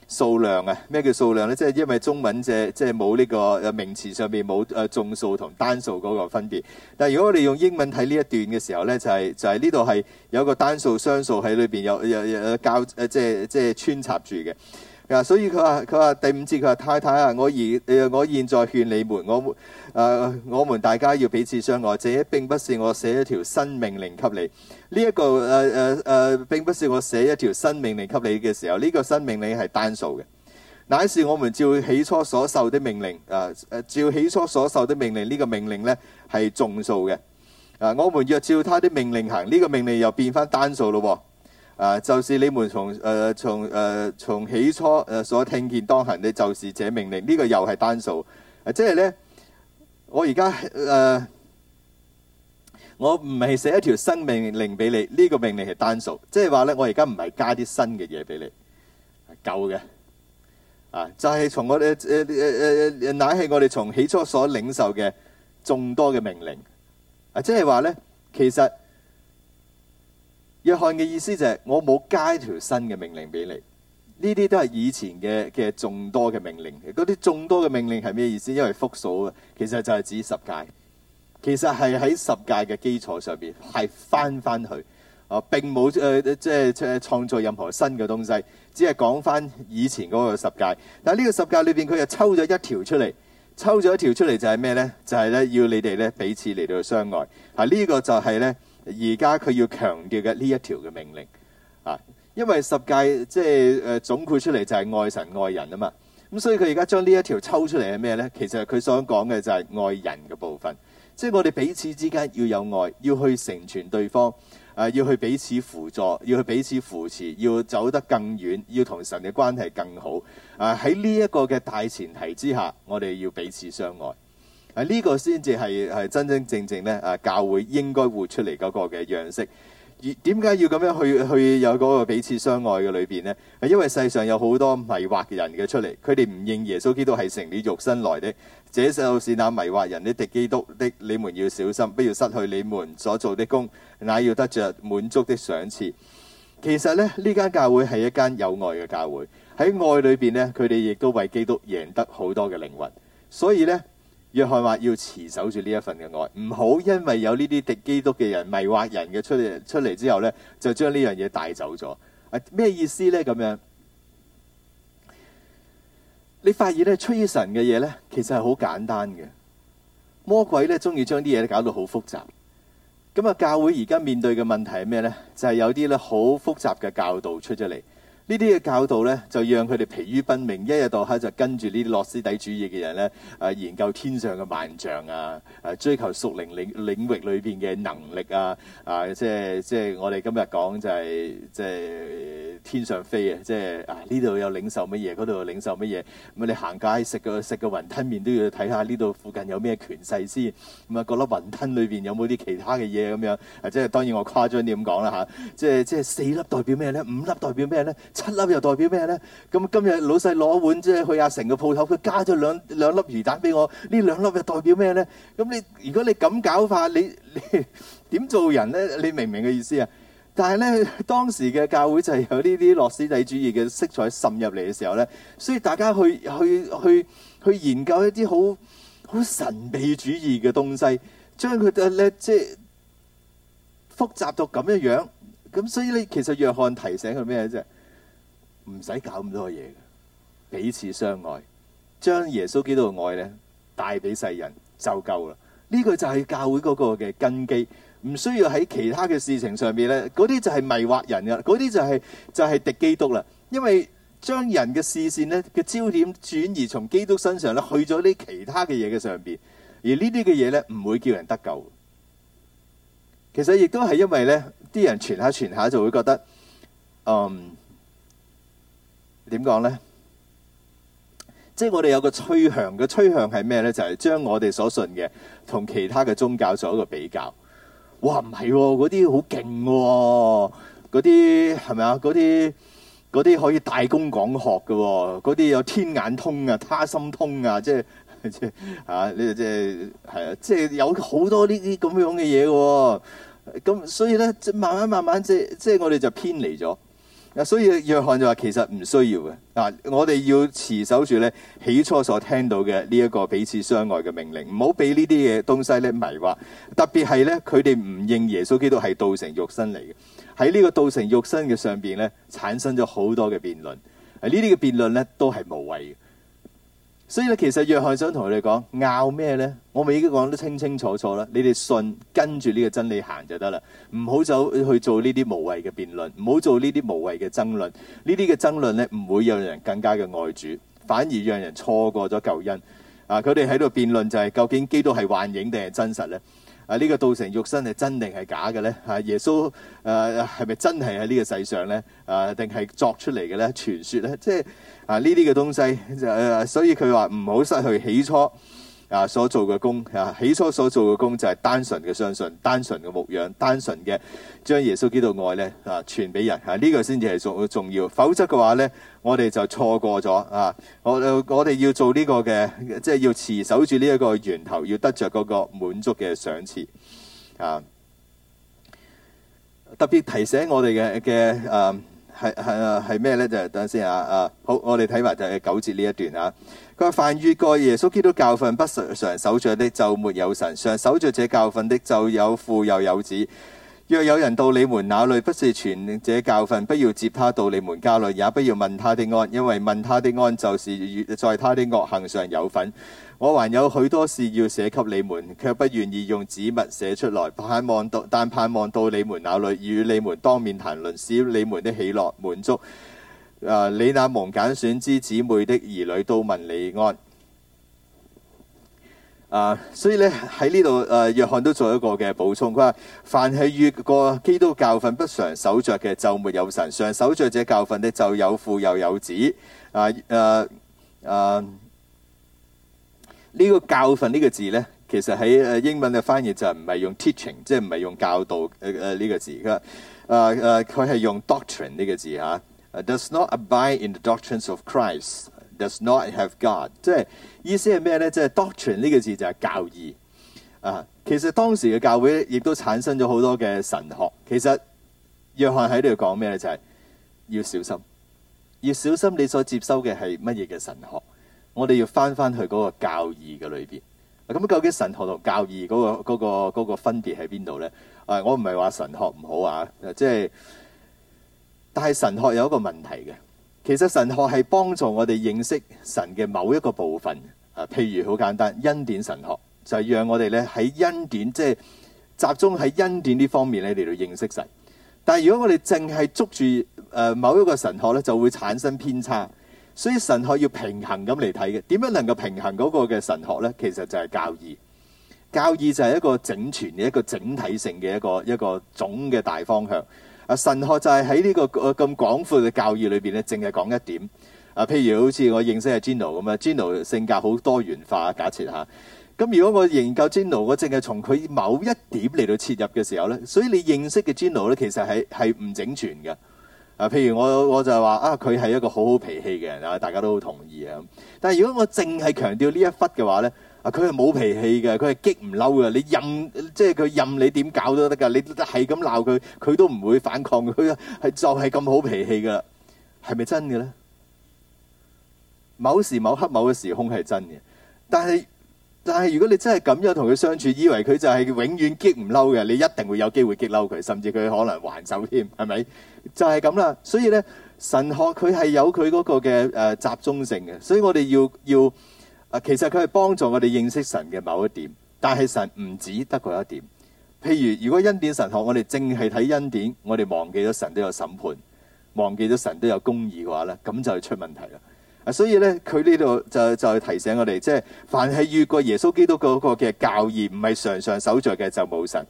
數量啊？咩叫數量呢？即係因為中文即係即，冇呢個名詞上面冇，誒眾數同單數嗰個分別。但如果我哋用英文睇呢一段嘅時候呢，就係、係、就係呢度係有個單數、雙數喺裏面有、有、有交誒即係即係穿插住嘅。嗱，所以佢話佢話，第五節佢話太太啊，我而誒我現在勸你們，我誒我們大家要彼此相愛。這並不是我寫一條新命令給你。呢一個誒誒誒並不是我寫一條新命令給你嘅時候，呢個新命令係單數嘅。乃是我們照起初所受的命令啊誒，照起初所受的命令，呢個命令呢係眾數嘅。啊，我們若照他的命令行，呢個命令又變翻單數咯喎。啊，就是你們從誒從誒、呃從，呃從，呃、從起初所聽見當行的，就是這命令。呢、這個又係單數、啊。即係咧，我而家誒，我唔係寫一條新命令畀你。呢、這個命令係單數，即係話咧，我而家唔係加啲新嘅嘢畀你，係舊嘅。啊，就係、是、從我哋誒誒誒誒，乃係我哋從起初所領受嘅眾多嘅命令。啊，即係話咧，其實。約翰嘅意思就係我冇加條新嘅命令俾你，呢啲都係以前嘅嘅眾多嘅命令。嗰啲眾多嘅命令係咩意思？因為複數啊，其實就係指十戒。其實係喺十戒嘅基礎上邊，係翻翻去啊，並冇誒、呃、即係創作任何新嘅東西，只係講翻以前嗰個十戒。但係呢個十戒裏邊，佢又抽咗一條出嚟，抽咗一條出嚟就係咩呢？就係呢：要你哋呢彼此嚟到相愛。啊，呢、呢個就係呢。而家佢要強調嘅呢一條嘅命令啊，因為十戒即係誒總括出嚟就係愛神愛人啊嘛，咁所以佢而家將呢一條抽出嚟係咩呢？其實佢所講嘅就係愛人嘅部分，即係我哋彼此之間要有愛，要去成全對方，誒、啊、要去彼此輔助，要去彼此扶持，要走得更遠，要同神嘅關係更好。誒喺呢一個嘅大前提之下，我哋要彼此相愛。呢、這個先至係係真真正正呢，啊！教會應該活出嚟嗰個嘅樣式。而點解要咁樣去去有嗰個彼此相愛嘅裏邊呢？因為世上有好多迷惑人嘅出嚟，佢哋唔認耶穌基督係成你肉身來的。這就是那迷惑人的敵基督的，你們要小心，不要失去你們所做的工，乃要得着滿足的賞賜。其實咧，呢間教會係一間有愛嘅教會，喺愛裏邊呢，佢哋亦都為基督贏得好多嘅靈魂，所以呢。約翰話要持守住呢一份嘅愛，唔好因為有呢啲敵基督嘅人迷惑人嘅出嚟，出嚟之後咧，就將呢樣嘢帶走咗。啊，咩意思咧？咁樣你發現咧，出於神嘅嘢咧，其實係好簡單嘅。魔鬼咧，鍾意將啲嘢搞到好複雜。咁啊，教會而家面對嘅問題係咩咧？就係、是、有啲咧，好複雜嘅教導出咗嚟。呢啲嘅教導咧，就讓佢哋疲於奔命，一日到黑就跟住呢啲諾斯底主義嘅人咧、啊，研究天上嘅萬象啊,啊，追求屬靈領,領域裏面嘅能力啊，啊即係即係我哋今日講就係、是、即係天上飛啊，即係啊呢度有領受乜嘢，嗰度領受乜嘢，咁、嗯、你行街食個食個雲吞麵都要睇下呢度附近有咩權勢先，咁啊覺得雲吞裏面有冇啲其他嘅嘢咁樣，啊、即係當然我誇張啲咁講啦吓、啊，即係即四粒代表咩咧？五粒代表咩咧？七粒又代表咩呢？咁今日老細攞碗即係去阿成個鋪頭，佢加咗兩兩粒魚蛋俾我。呢兩粒又代表咩呢？咁你如果你咁搞法，你你點做人呢？你明唔明嘅意思啊？但係呢，當時嘅教會就係有呢啲諾斯底主義嘅色彩滲入嚟嘅時候呢，所以大家去去去去研究一啲好好神秘主義嘅東西，將佢嘅咧即係複雜到咁嘅樣樣。咁所以呢，其實約翰提醒佢咩啫？唔使搞咁多嘢，彼此相愛，將耶穌基督嘅愛咧帶俾世人就夠啦。呢、這個就係教會嗰個嘅根基，唔需要喺其他嘅事情上面。呢嗰啲就係迷惑人噶，嗰啲就係、是、就係、是、敵基督啦。因為將人嘅視線咧嘅焦點轉移從基督身上咧，去咗啲其他嘅嘢嘅上邊，而呢啲嘅嘢呢唔會叫人得救。其實亦都係因為呢啲人傳下傳下就會覺得，嗯。點講咧？即係我哋有個趨向嘅趨向係咩咧？就係、是、將我哋所信嘅同其他嘅宗教做一個比較。哇！唔係喎，嗰啲好勁喎，嗰啲係咪啊？嗰啲啲可以大公講學嘅喎，哦，嗰啲有天眼通啊，他心通啊，即係即係啊！呢即係係啊，即、就、係、是、有好多呢啲咁樣嘅嘢喎。咁所以咧，即慢慢慢慢，即係即係我哋就偏離咗。所以約翰就話其實唔需要嘅。嗱，我哋要持守住咧起初所聽到嘅呢一個彼此相愛嘅命令，唔好俾呢啲嘢東西咧迷惑。特別係咧佢哋唔認耶穌基督係道成肉身嚟嘅。喺呢個道成肉身嘅上面咧，產生咗好多嘅辯論。呢啲嘅辯論咧，都係無謂嘅。所以呢，其實約翰想同佢哋講拗咩呢？我咪已經講得清清楚楚啦。你哋信跟住呢個真理行就得啦，唔好走去做呢啲無謂嘅辯論，唔好做呢啲無謂嘅爭論。呢啲嘅爭論呢，唔會讓人更加嘅愛主，反而讓人錯過咗救恩。啊！佢哋喺度辯論就係究竟基督係幻影定係真實呢？啊！呢個道成肉身係真定係假嘅咧？啊！耶穌誒係咪真係喺呢個世上咧？啊，定係作出嚟嘅咧？傳説咧？即係啊！呢啲嘅東西就，啊，所以佢話唔好失去起初。啊！所做嘅工啊，起初所做嘅工就係單純嘅相信，單純嘅牧養，單純嘅將耶穌基督愛咧啊傳俾人啊，呢、啊這個先至係好重要。否則嘅話咧，我哋就錯過咗啊！我我哋要做呢個嘅，即係要持守住呢一個源頭，要得着嗰個滿足嘅賞賜啊！特別提醒我哋嘅嘅誒。係係係咩呢？就等陣先啊啊！好，我哋睇埋就係九節呢一段啊。佢話：凡遇過耶穌基督教訓不常守着的，就沒有神；常守着這教訓的，就有父又有，有子。若有人到你們那裏，不是傳這教訓，不要接他到你們家裏，也不要問他的安，因為問他的安，就是在他的惡行上有份。我還有許多事要寫給你們，卻不願意用紙墨寫出來，盼望到但盼望到你們那裏，與你們當面談論，使你們的喜樂滿足。啊、呃！你那蒙揀選之姊妹的兒女都問你安。啊、uh, 所以咧喺呢度，誒、uh, 約翰都做一個嘅補充，佢話，凡係越過基督教訓不常守着嘅，就沒有，有神；常守着者教訓呢，就有父又有子。啊，誒誒，呢個教訓呢個字咧，其實喺誒英文嘅翻譯就唔係用 teaching，即係唔係用教導誒誒呢個字。佢話誒佢係用 doctrine 呢個字嚇。Uh, Does not abide in the doctrines of Christ。does not have God，即係意思係咩呢？即係 doctrine 呢個字就係教義啊。其實當時嘅教會亦都產生咗好多嘅神學。其實約翰喺度講咩呢？就係要小心，要小心你所接收嘅係乜嘢嘅神學。我哋要翻翻去嗰個教義嘅裏邊。咁究竟神學同教義嗰個、嗰個、嗰個分別喺邊度呢？我唔係話神學唔好啊，即係，但係神學有一個問題嘅。其實神學係幫助我哋認識神嘅某一個部分，啊，譬如好簡單，恩典神學就係、是、讓我哋咧喺恩典，即、就、係、是、集中喺恩典呢方面咧嚟到認識神。但係如果我哋淨係捉住誒某一個神學咧，就會產生偏差。所以神學要平衡咁嚟睇嘅，點樣能夠平衡嗰個嘅神學呢？其實就係教義，教義就係一個整全嘅一個整體性嘅一個一個總嘅大方向。啊！神學就係喺呢個咁廣闊嘅教義裏邊咧，淨係講一點。啊，譬如好似我認識嘅 Gino 咁啊，Gino 性格好多元化，假設下。咁如果我研究 Gino，我淨係從佢某一點嚟到切入嘅時候咧，所以你認識嘅 Gino 咧，其實係係唔整全嘅。啊，譬如我我就係話啊，佢係一個好好脾氣嘅人啊，大家都好同意啊。但係如果我淨係強調呢一忽嘅話咧。啊！佢係冇脾氣嘅，佢係激唔嬲嘅。你任即係佢任你點搞都得㗎，你係咁鬧佢，佢都唔會反抗。佢係就係咁好脾氣㗎，係咪真嘅咧？某時某刻某個時空係真嘅，但係但係如果你真係咁樣同佢相處，以為佢就係永遠激唔嬲嘅，你一定會有機會激嬲佢，甚至佢可能還手添，係咪？就係咁啦。所以咧，神學佢係有佢嗰個嘅誒集中性嘅，所以我哋要要。要其實佢係幫助我哋認識神嘅某一點，但係神唔只得嗰一點。譬如如果恩典神學，我哋淨係睇恩典，我哋忘記咗神都有審判，忘記咗神都有公義嘅話呢，咁就出問題啦。所以呢，佢呢度就就提醒我哋，即係凡係越過耶穌基督嗰個嘅教義，唔係常常守著嘅，就冇神。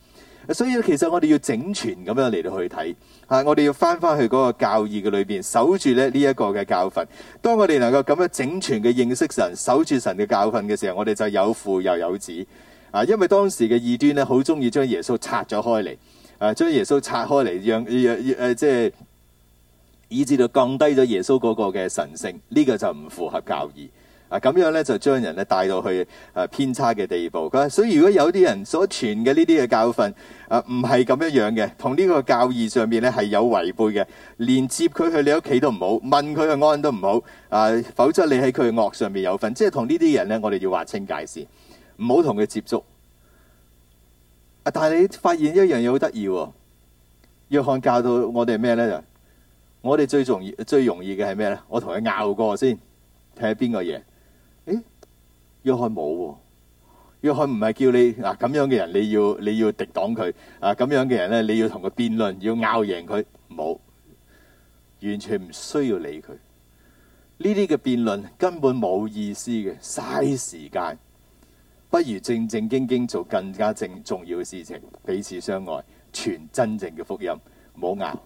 所以其實我哋要整全咁樣嚟到去睇，啊，我哋要返返去嗰個教義嘅裏邊，守住咧呢一個嘅教訓。當我哋能夠咁樣整全嘅認識神，守住神嘅教訓嘅時候，我哋就有父又有子。啊，因為當時嘅異端咧，好鍾意將耶穌拆咗開嚟，啊，將耶穌拆開嚟，讓讓誒，即係以至到降低咗耶穌嗰個嘅神性。呢、呢個就唔符合教義。啊，咁樣咧就將人咧帶到去偏差嘅地步。佢話：所以如果有啲人所傳嘅呢啲嘅教訓，啊，唔係咁一樣嘅，同呢個教義上面咧係有違背嘅。連接佢去你屋企都唔好，問佢個安都唔好。啊，否則你喺佢惡上面有份。即係同呢啲人咧，我哋要劃清界線，唔好同佢接觸。啊，但係你發現一樣嘢好得意喎。約翰教到我哋咩咧？就我哋最容易最容易嘅係咩咧？我同佢拗過先，睇下邊個嘢。約翰冇喎，約翰唔係叫你嗱，咁樣嘅人，你要你要敵擋佢啊，咁樣嘅人咧，你要同佢辯論，要拗贏佢？冇，完全唔需要理佢。呢啲嘅辯論根本冇意思嘅，嘥時間，不如正正經經做更加正重要嘅事情，彼此相愛，傳真正嘅福音，冇拗。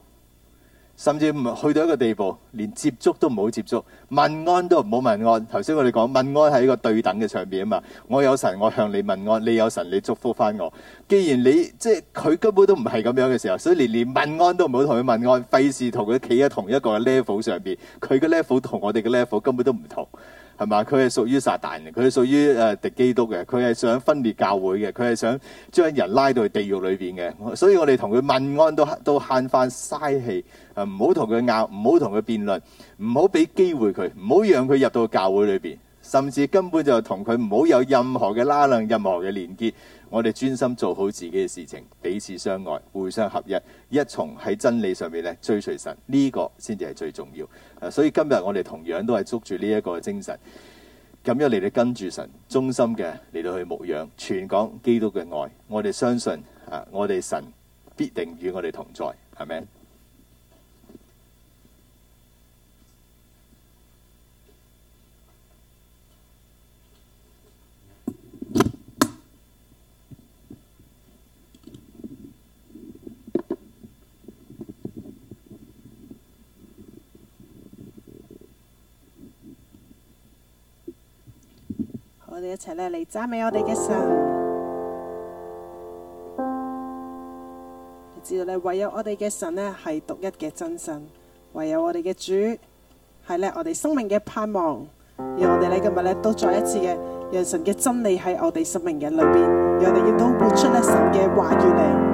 甚至去到一個地步，連接觸都唔好接觸，問安都唔好問安。頭先我哋講問安係一個對等嘅場面啊嘛，我有神，我向你問安，你有神，你祝福翻我。既然你即係佢根本都唔係咁樣嘅時候，所以連連問安都唔好同佢問安，費事同佢企喺同一個 level 上面，佢嘅 level 同我哋嘅 level 根本都唔同。係嘛？佢係屬於撒旦嘅，佢係屬於誒敵基督嘅，佢係想分裂教會嘅，佢係想將人拉到去地獄裏邊嘅。所以我哋同佢問安都都慳翻嘥氣，誒唔好同佢拗，唔好同佢辯論，唔好畀機會佢，唔好讓佢入到教會裏邊。甚至根本就同佢唔好有任何嘅拉楞，任何嘅連結，我哋專心做好自己嘅事情，彼此相愛，互相合一，一重喺真理上面咧追隨神呢個先至係最重要。所以今日我哋同樣都係捉住呢一個精神，咁樣嚟到跟住神忠心嘅嚟到去牧養全港基督嘅愛，我哋相信啊，我哋神必定與我哋同在，係咪？我哋一齊咧嚟讚美我哋嘅神，你知道咧，唯有我哋嘅神咧係獨一嘅真神，唯有我哋嘅主係咧我哋生命嘅盼望。而我哋咧今日咧都再一次嘅，讓神嘅真理喺我哋生命嘅裏邊，讓我哋亦都活出咧神嘅話語嚟。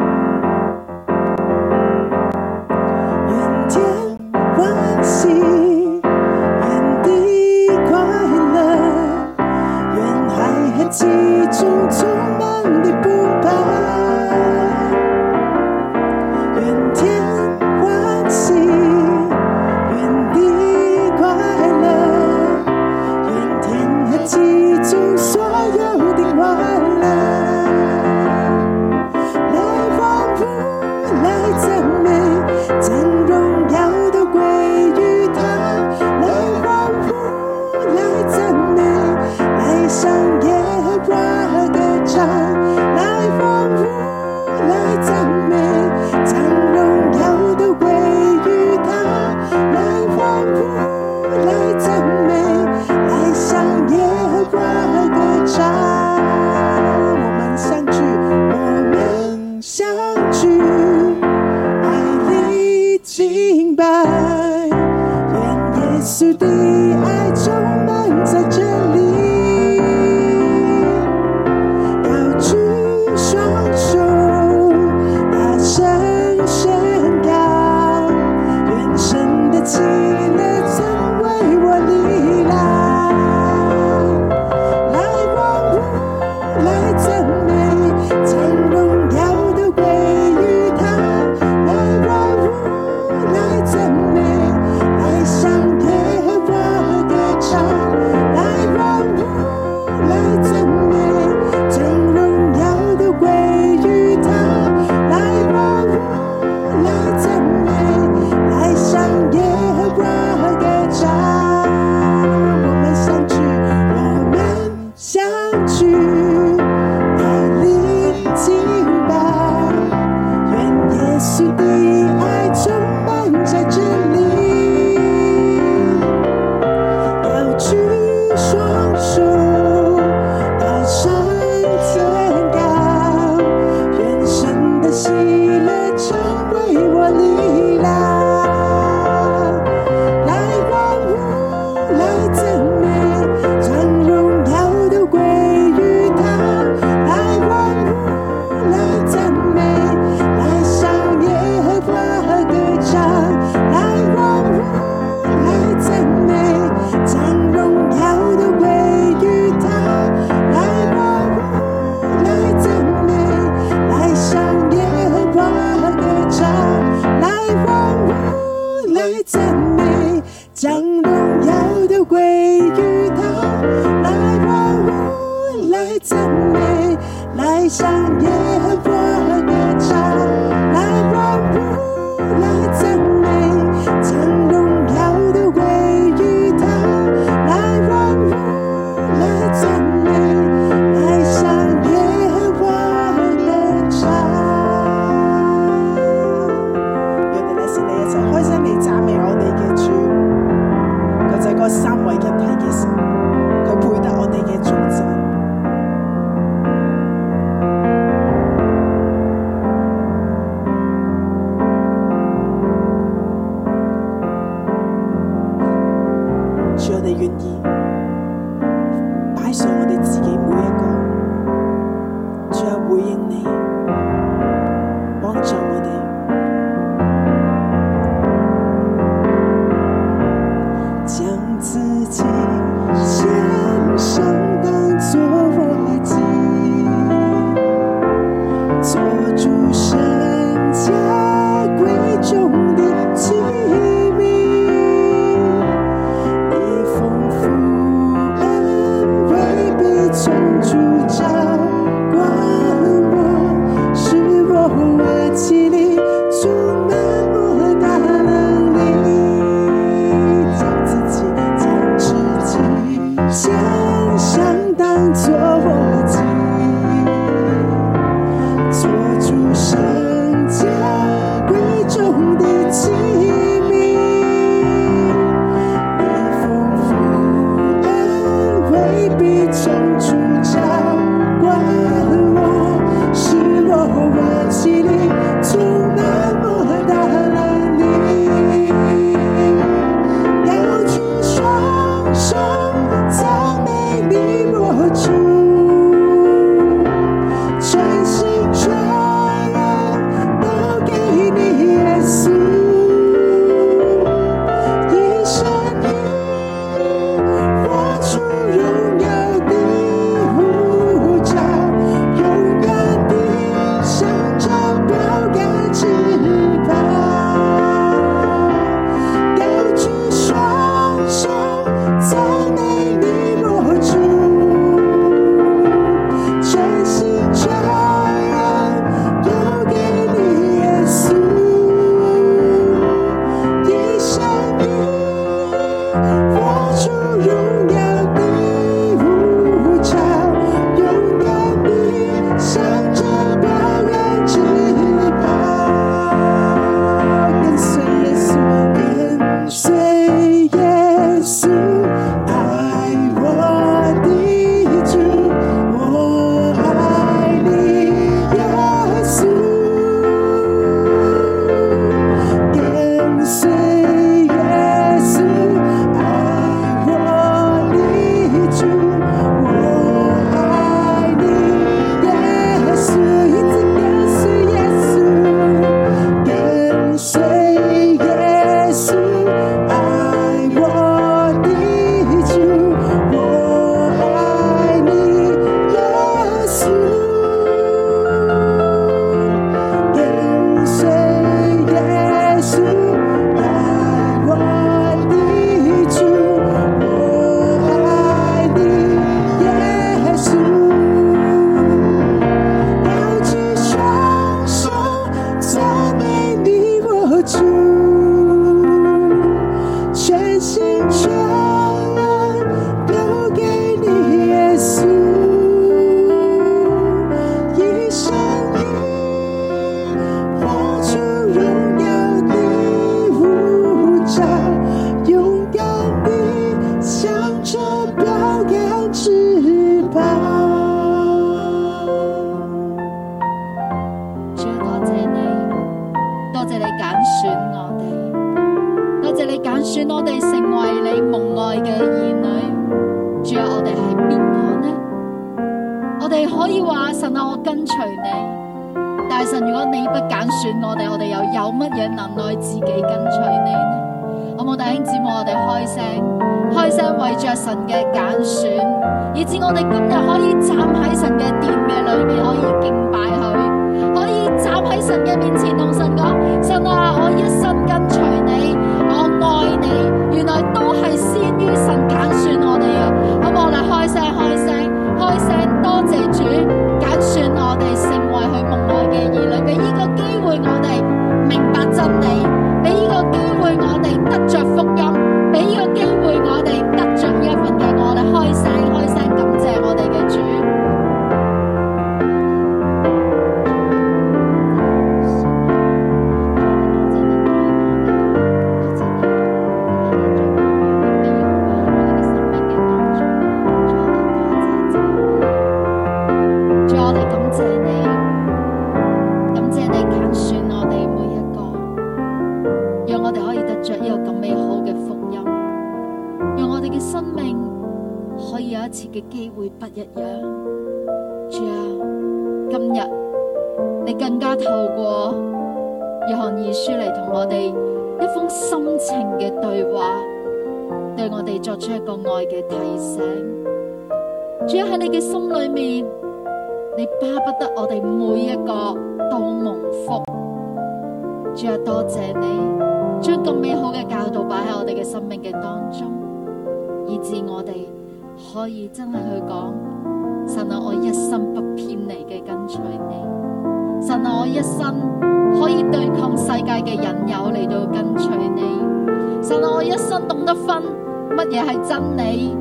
乜嘢係真理？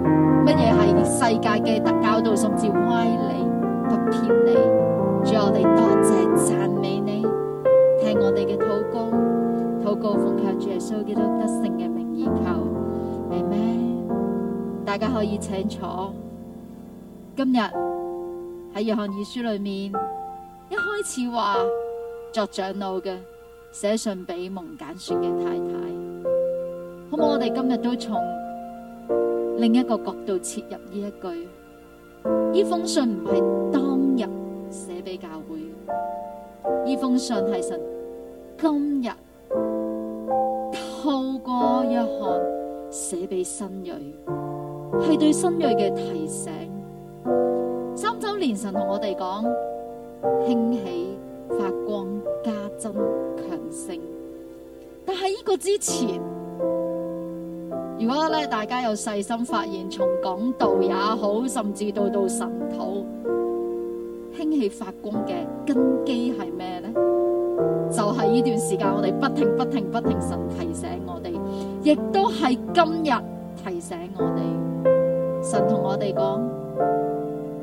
乜嘢係世界嘅特教導，甚至歪理、不偏理？主，我哋多謝讚美你，聽我哋嘅禱告，禱告奉靠主耶穌基督得勝嘅名義求，明咩？大家可以請坐。今日喺約翰二書裏面一開始話作長老嘅寫信俾蒙揀選嘅太太，好唔好？我哋今日都從。另一個角度切入呢一句，呢封信唔係當日寫俾教會，呢封信係神今日透過約翰寫俾新銳，係對新銳嘅提醒。三周年神同我哋講，興起發光加增強盛，但係呢個之前。如果咧，大家有細心發現，從講道也好，甚至到到神禱興起發功嘅根基係咩咧？就係、是、呢段時間，我哋不停不停不停神提醒我哋，亦都係今日提醒我哋。神同我哋講：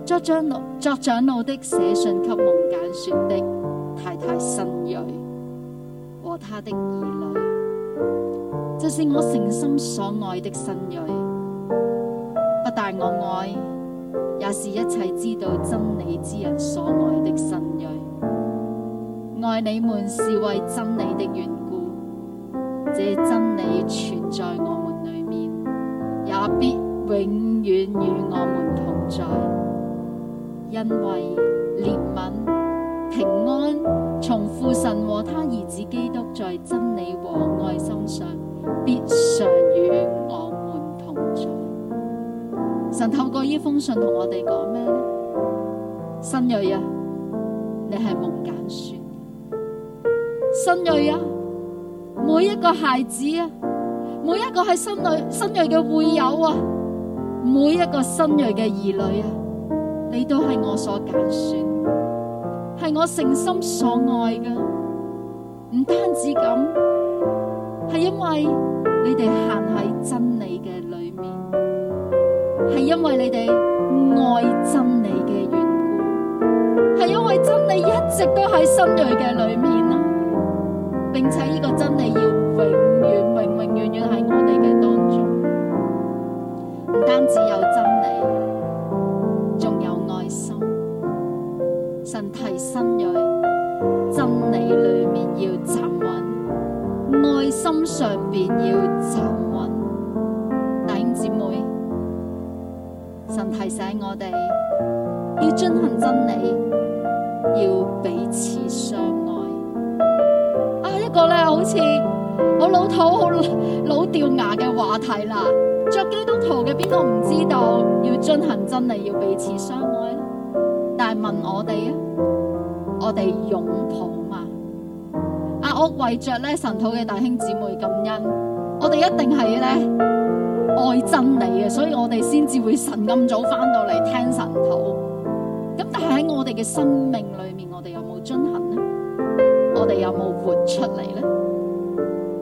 作長老、作長老的寫信給蒙揀選的太太申蕊和他的兒女。這是我誠心所愛的神蕊，不但我愛，也是一切知道真理之人所愛的神蕊。愛你們是為真理的緣故，這真理存在我們裏面，也必永遠與我們同在。因為憐憫平安，從父神和他兒子基督在真理和愛心上。必常與我們同在。神透過依封信同我哋講咩？新銳啊，你係蒙揀選嘅。新銳啊，每一個孩子啊，每一個係新銳新銳嘅會友啊，每一個新銳嘅兒女啊，你都係我所揀選，係我誠心所愛嘅，唔單止咁。係因為你哋行喺真理嘅裏面，係因為你哋愛真理嘅緣故，係因為真理一直都喺心蕊嘅裏面啦，並且呢個真理要永遠永永遠永遠喺我哋嘅當中，唔單止有真理，仲有愛心，神提心蕊，心上面要站穩，弟兄姊妹，神提醒我哋要遵行真理，要彼此相愛。啊，一個咧好似好老土、好老，老掉牙嘅話題啦。作基督徒嘅邊個唔知道要遵行真理，要彼此相愛？但係問我哋啊，我哋擁抱。為著咧神土嘅弟兄姊妹感恩，我哋一定係咧愛真理嘅，所以我哋先至會神咁早返到嚟聽神土。咁但係喺我哋嘅生命裏面，我哋有冇遵行呢？我哋有冇活出嚟咧？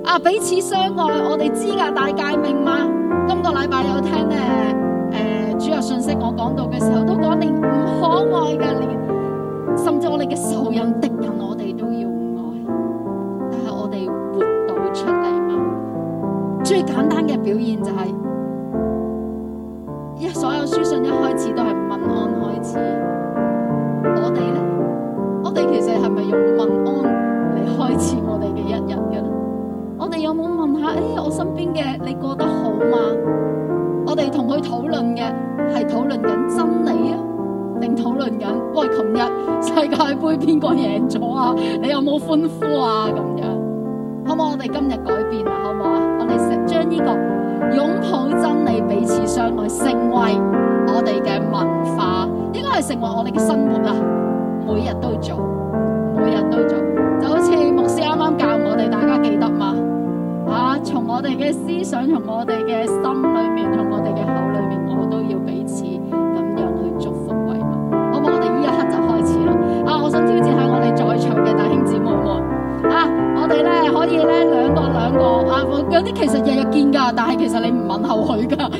啊，彼此相愛，我哋知噶，大誡命嘛？今個禮拜有聽咧，誒、呃，主日信息我講到嘅時候都講連唔可愛嘅連甚至我哋嘅仇人敵人。最簡單嘅表現就係、是、一所有書信一開始都係問安開始，我哋咧，我哋其實係咪用問安嚟開始我哋嘅一日嘅咧？我哋有冇問一下誒、哎，我身邊嘅你過得好嗎？我哋同佢討論嘅係討論緊真理啊，定討論緊喂，琴日世界杯邊個贏咗啊？你有冇歡呼啊？咁樣。好唔好？我哋今日改變啊，好唔好啊？我哋將呢個擁抱真理、彼此相愛，成為我哋嘅文化，應該係成為我哋嘅生活啊，每日都做，每日都做，就好似牧師啱啱教我哋，大家記得嘛？啊，從我哋嘅思想，從我哋嘅心裏面，從我哋嘅口裏面，我都要彼此咁樣去祝福慰問，好唔好？我哋呢一刻就開始啦。啊，我想挑戰下。可以咧，兩個兩個啊，有啲其實日日見噶，但係其實你唔問候佢㗎，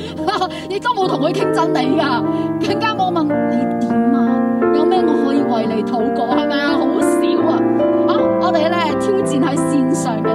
你都冇同佢傾真理㗎，更加冇問你點啊，有咩我可以為你禱告，係咪啊？好少啊！啊，我哋咧挑戰喺線上嘅。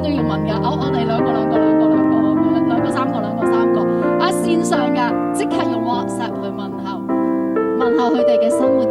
都要問噶哦，我、oh, 哋、oh, 兩個、兩個、兩個、兩個兩個三個、兩個、三個，啊線上噶，即刻用 WhatsApp 去問候，問候佢哋嘅生活。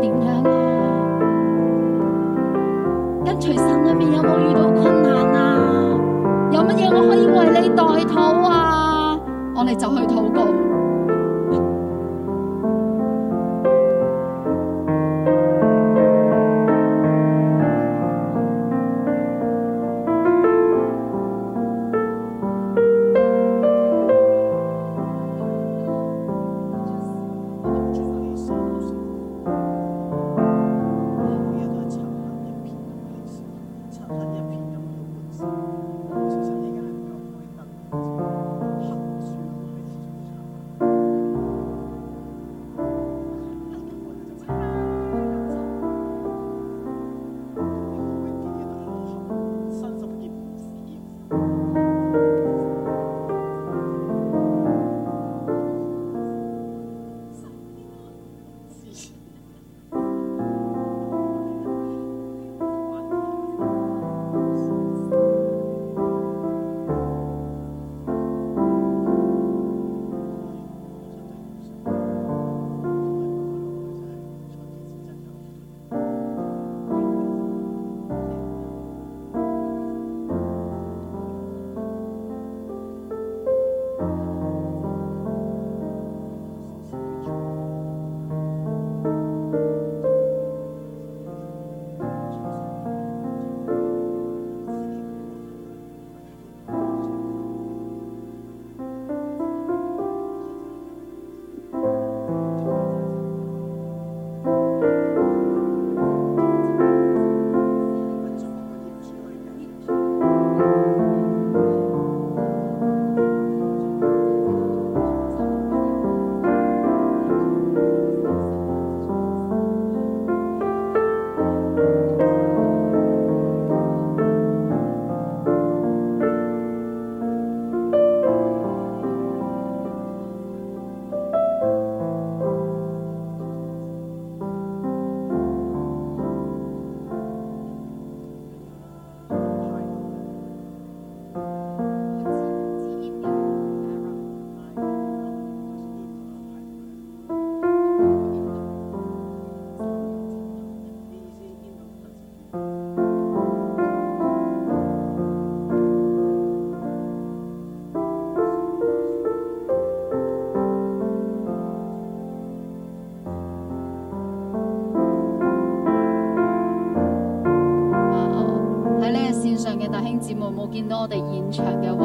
到我哋現場嘅。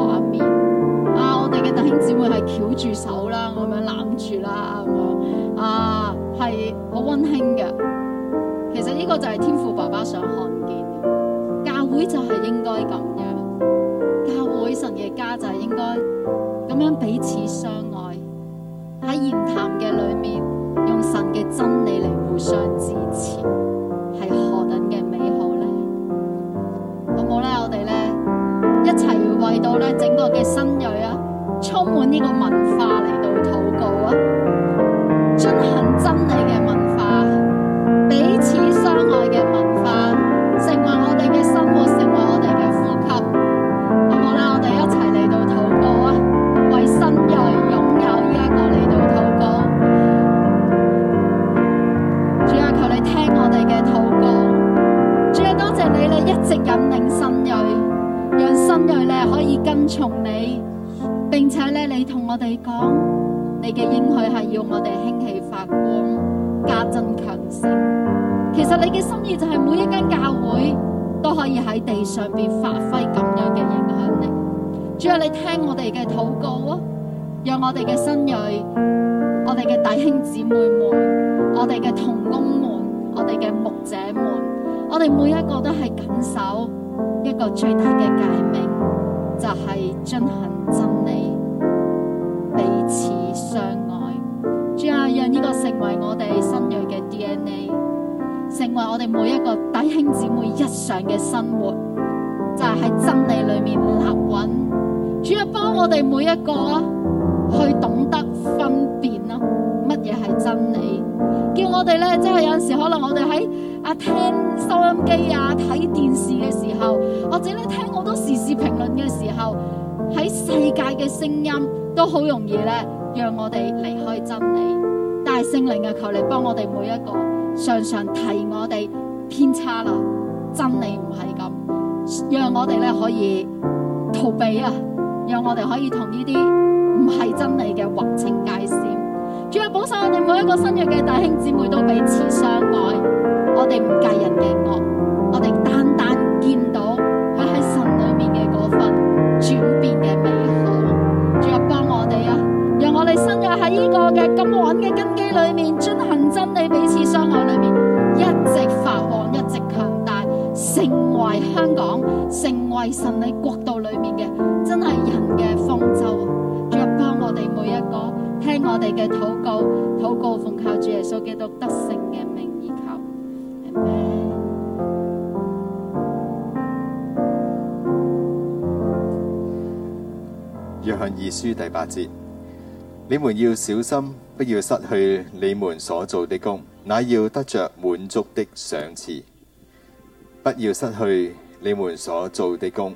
你聽我哋嘅禱告啊！讓我哋嘅新銳，我哋嘅弟兄姊妹們，我哋嘅同工們，我哋嘅牧者們，我哋每一個都係緊守一個最大嘅誡命，就係、是、遵行真理，彼此相愛。主啊，讓呢個成為我哋新銳嘅 DNA，成為我哋每一個弟兄姊妹日常嘅生活，就係、是、喺真理裏面立穩。主要幫我哋每一個啊，去懂得分辨啦，乜嘢係真理？叫我哋咧，即係有陣時可能我哋喺啊聽收音機啊睇電視嘅時候，或者咧聽好多時事評論嘅時候，喺世界嘅聲音都好容易咧，讓我哋離開真理。但係聖靈嘅求你幫我哋每一個，常常提我哋偏差啦，真理唔係咁，讓我哋咧可以逃避啊！讓我哋可以同呢啲唔係真理嘅劃清界線。主要保守我哋每一個新銳嘅弟兄姊妹都彼此相愛，我哋唔計人嘅惡，我哋單單見到佢喺神裏面嘅嗰份轉變嘅美好。主要幫我哋啊，讓我哋新銳喺呢個嘅咁穩嘅根基裏面遵行真理，彼此相愛裏面一直發旺，一直強大，成為香港，成為神理國度裏面嘅。真係人嘅豐咒，着幫我哋每一個聽我哋嘅禱告，禱告奉靠主耶穌基督得勝嘅名而求。阿門。約翰向二書第八節，你們要小心，不要失去你們所做的工；乃要得着滿足的賞賜。不要失去你們所做的工。」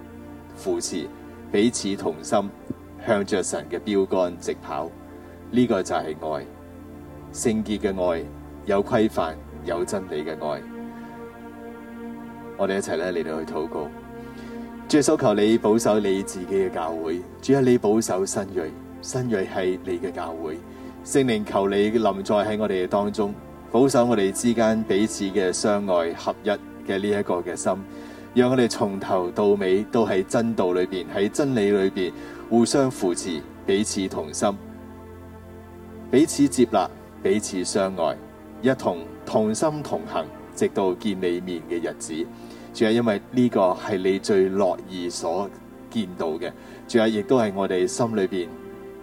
扶持彼此同心，向着神嘅標杆直跑，呢個就係愛，聖潔嘅愛，有規範、有真理嘅愛。我哋一齊咧嚟到去禱告，主求你保守你自己嘅教會，主啊，你保守新銳新銳係你嘅教會，聖靈求你臨在喺我哋嘅當中，保守我哋之間彼此嘅相愛合一嘅呢一個嘅心。讓我哋從頭到尾都喺真道裏邊，喺真理裏邊互相扶持，彼此同心，彼此接納，彼此相愛，一同同心同行，直到見你面嘅日子。仲係因為呢個係你最樂意所見到嘅，仲係亦都係我哋心裏邊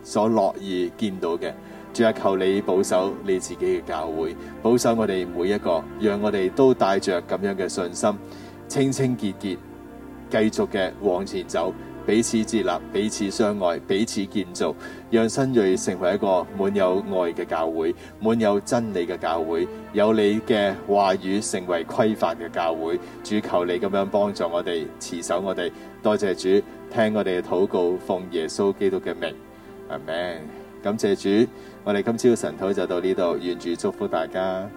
所樂意見到嘅。仲係求你保守你自己嘅教會，保守我哋每一個，讓我哋都帶着咁樣嘅信心。清清潔潔，繼續嘅往前走，彼此接納，彼此相愛，彼此建造，讓新銳成為一個滿有愛嘅教會，滿有真理嘅教會，有你嘅話語成為規範嘅教會。主求你咁樣幫助我哋，持守我哋。多謝主，聽我哋嘅禱告，奉耶穌基督嘅名，阿門。感謝主，我哋今朝嘅晨禱就到呢度，願主祝福大家。